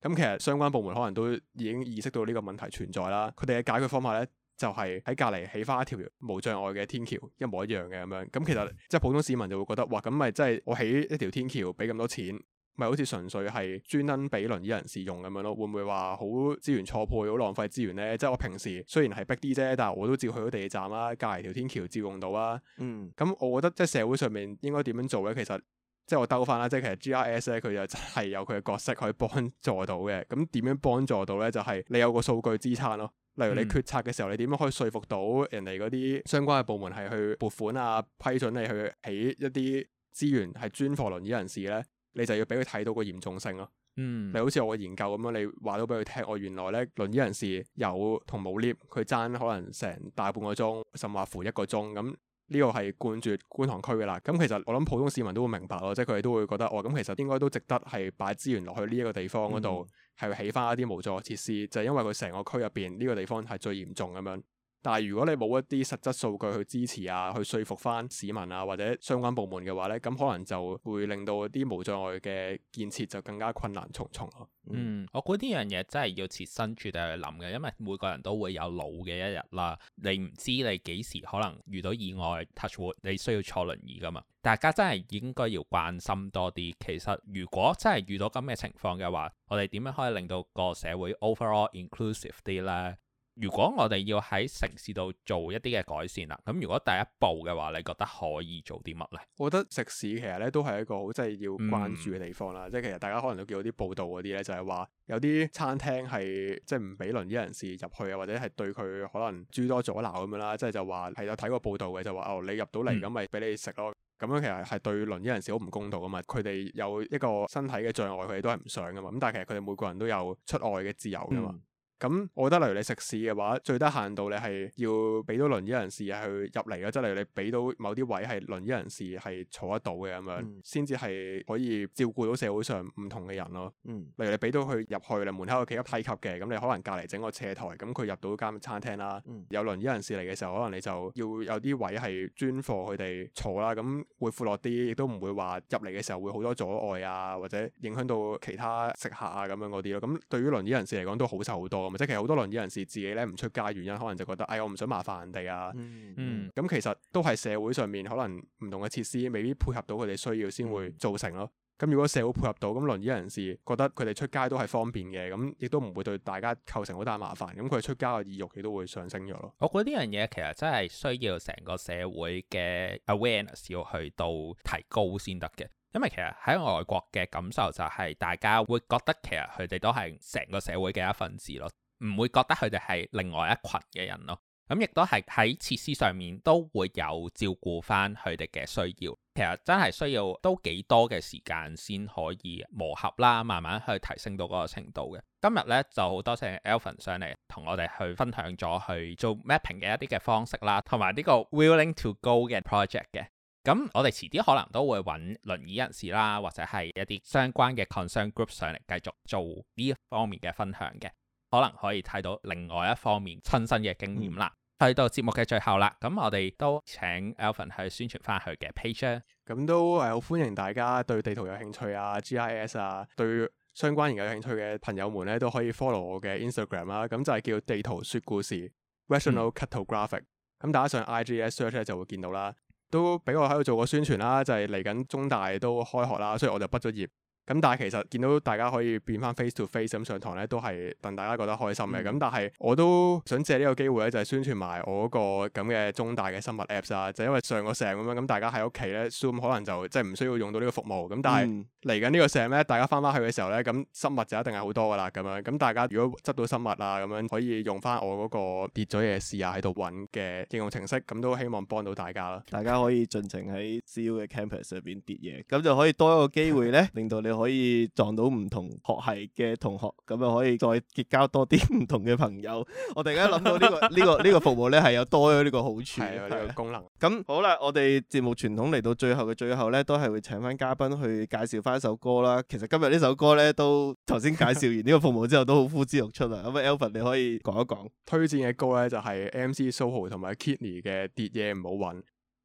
咁、嗯、其實相關部門可能都已經意識到呢個問題存在啦。佢哋嘅解決方法咧，就係喺隔離起返一條無障礙嘅天橋，一模一樣嘅咁樣。咁其實即係普通市民就會覺得，哇！咁咪即係我起一條天橋，俾咁多錢。咪好似純粹係專登俾輪椅人士用咁樣咯，會唔會話好資源錯配，好浪費資源呢？即係我平時雖然係逼啲啫，但係我都照去咗地鐵站啦，隔籬條天橋照用到啦。嗯，咁、嗯、我覺得即係社會上面應該點樣做呢？其實即係我兜返啦，即係其實 GIS 咧，佢就係有佢嘅角色可以幫助到嘅。咁、嗯、點、嗯、樣幫助到呢？就係、是、你有個數據支撐咯、喔。例如你決策嘅時候，你點樣可以說服到人哋嗰啲相關嘅部門係去撥款啊，批准你去起一啲資源係專放輪椅人士呢？你就要俾佢睇到個嚴重性咯。嗯，你好似我嘅研究咁樣，你話到俾佢聽，我原來咧輪椅人士有同冇 lift，佢爭可能成大半個鐘，甚或乎一個鐘。咁呢個係貫住觀塘區噶啦。咁其實我諗普通市民都會明白咯，即係佢哋都會覺得，哦，咁其實應該都值得係擺資源落去呢一個地方嗰度，係起翻一啲無助設施，就係因為佢成個區入邊呢個地方係最嚴重咁樣。但係如果你冇一啲實質數據去支持啊，去說服翻市民啊或者相關部門嘅話呢，咁可能就會令到啲無障礙嘅建設就更加困難重重咯、啊。嗯，嗯我估呢樣嘢真係要設身處地去諗嘅，因為每個人都會有老嘅一日啦。你唔知你幾時可能遇到意外 touch wood 你需要坐輪椅噶嘛？大家真係應該要關心多啲。其實如果真係遇到咁嘅情況嘅話，我哋點樣可以令到個社會 overall inclusive 啲呢？如果我哋要喺食肆度做一啲嘅改善啦，咁如果第一步嘅話，你覺得可以做啲乜咧？我覺得食肆其實咧都係一個好即係要關注嘅地方啦，嗯、即係其實大家可能都見到啲報道嗰啲咧，就係、是、話有啲餐廳係即係唔俾輪椅人士入去啊，或者係對佢可能諸多阻撓咁樣啦，即係就話係有睇過報道嘅，就話哦你入到嚟咁咪俾你食咯，咁、嗯、樣其實係對輪椅人士好唔公道噶嘛，佢哋有一個身體嘅障礙，佢哋都係唔想噶嘛，咁但係其實佢哋每個人都有出外嘅自由噶嘛。嗯咁我覺得，例如你食肆嘅話，最低限度你係要俾到輪椅人士去入嚟咯。即係，例如你俾到某啲位係輪椅人士係坐得到嘅咁樣，先至係可以照顧到社會上唔同嘅人咯。嗯、例如你俾到佢入去你門口有幾級梯級嘅，咁你可能隔離整個斜台，咁佢入到間餐廳啦。嗯、有輪椅人士嚟嘅時候，可能你就要有啲位係專放佢哋坐啦。咁會闊落啲，亦都唔會話入嚟嘅時候會好多阻礙啊，或者影響到其他食客啊咁樣嗰啲咯。咁對於輪椅人士嚟講，都好受好多。即係其實好多輪椅人士自己咧唔出街，原因可能就覺得，哎，我唔想麻煩人哋啊，嗯嗯嗯。嗯，咁其實都係社會上面可能唔同嘅設施未必配合到佢哋需要，先會造成咯。咁、嗯嗯、如果社會配合到，咁輪椅人士覺得佢哋出街都係方便嘅，咁亦都唔會對大家構成好大麻煩。咁佢出街嘅意欲，亦都會上升咗咯。我覺得呢樣嘢其實真係需要成個社會嘅 awareness 要去到提高先得嘅，因為其實喺外國嘅感受就係大家會覺得其實佢哋都係成個社會嘅一份子咯。唔會覺得佢哋係另外一群嘅人咯，咁亦都係喺設施上面都會有照顧翻佢哋嘅需要。其實真係需要都幾多嘅時間先可以磨合啦，慢慢去提升到嗰個程度嘅。今日咧就好多謝 Alvin 上嚟同我哋去分享咗去做 mapping 嘅一啲嘅方式啦，同埋呢個 Willing to Go 嘅 project 嘅。咁我哋遲啲可能都會揾輪椅人士啦，或者係一啲相關嘅 concern group 上嚟繼續做呢一方面嘅分享嘅。可能可以睇到另外一方面親身嘅經驗啦。睇、嗯、到節目嘅最後啦，咁我哋都請 Alvin 去宣傳返佢嘅 page。咁都係好歡迎大家對地圖有興趣啊、GIS 啊，對相關嘢有興趣嘅朋友們咧，都可以 follow 我嘅 Instagram 啦、啊。咁就係叫地圖說故事 （Rational Cartographic）。咁 Cart、嗯、大家上 IGS Search 咧就會見到啦。都俾我喺度做個宣傳啦、啊。就係嚟緊中大都開學啦，所以我就畢咗業。咁但係其實見到大家可以變翻 face to face 咁上堂咧，都係戥大家覺得開心嘅。咁、嗯、但係我都想借個呢個機會咧，就係、是、宣傳埋我個咁嘅中大嘅生物 apps 啊。就是、因為上個 semester 咁，大家喺屋企咧 Zoom 可能就即係唔需要用到呢個服務。咁但係嚟緊呢個 semester 咧，大家翻返去嘅時候咧，咁生物就一定係好多噶啦。咁樣咁大家如果執到生物啊，咁樣可以用翻我嗰個跌咗嘢試下喺度揾嘅應用程式，咁都希望幫到大家啦。大家可以盡情喺 CU 嘅 campus 入邊跌嘢，咁就可以多一個機會咧， 令到你。可以撞到唔同學系嘅同學，咁啊可以再結交多啲唔同嘅朋友。 我突然間諗到呢、這個呢、 這個呢、這個服務咧係有多咗呢個好處，啊呢、 這個功能。咁 好啦，我哋節目傳統嚟到最後嘅最後咧，都係會請翻嘉賓去介紹翻一首歌啦。其實今日呢首歌咧都頭先介紹完呢個服務之後都好呼之欲出啦。咁啊，Alvin 你可以講一講推薦嘅歌咧，就係、是、MC Soho 同埋 KidNey 嘅《跌嘢唔好搵》。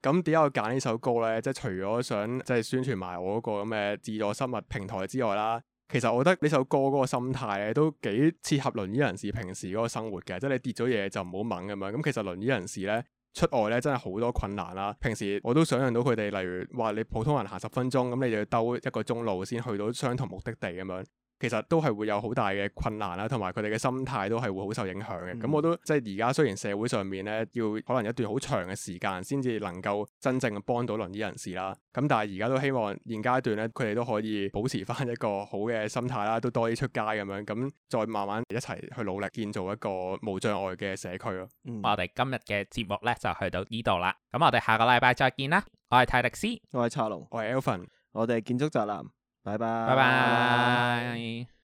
咁點解我揀呢首歌呢？即係除咗想即係宣傳埋我嗰個咁嘅自助失物平台之外啦，其實我覺得呢首歌嗰個心態都幾切合輪椅人士平時嗰個生活嘅，即係你跌咗嘢就唔好掹咁樣。咁其實輪椅人士呢，出外呢真係好多困難啦。平時我都想象到佢哋，例如話你普通人行十分鐘，咁你就要兜一個鐘路先去到相同目的地咁樣。其實都係會有好大嘅困難啦，啊，同埋佢哋嘅心態都係會好受影響嘅。咁、嗯、我都即係而家雖然社會上面咧，要可能一段好長嘅時間先至能夠真正幫到輪椅人士啦。咁但係而家都希望現階段咧，佢哋都可以保持翻一個好嘅心態啦，都多啲出街咁樣，咁再慢慢一齊去努力建造一個無障礙嘅社區咯。嗯、我哋今日嘅節目咧就去到呢度啦。咁我哋下個禮拜再見啦。我係泰迪斯，我係查龍，我係 Alvin，我哋建築宅男。拜拜。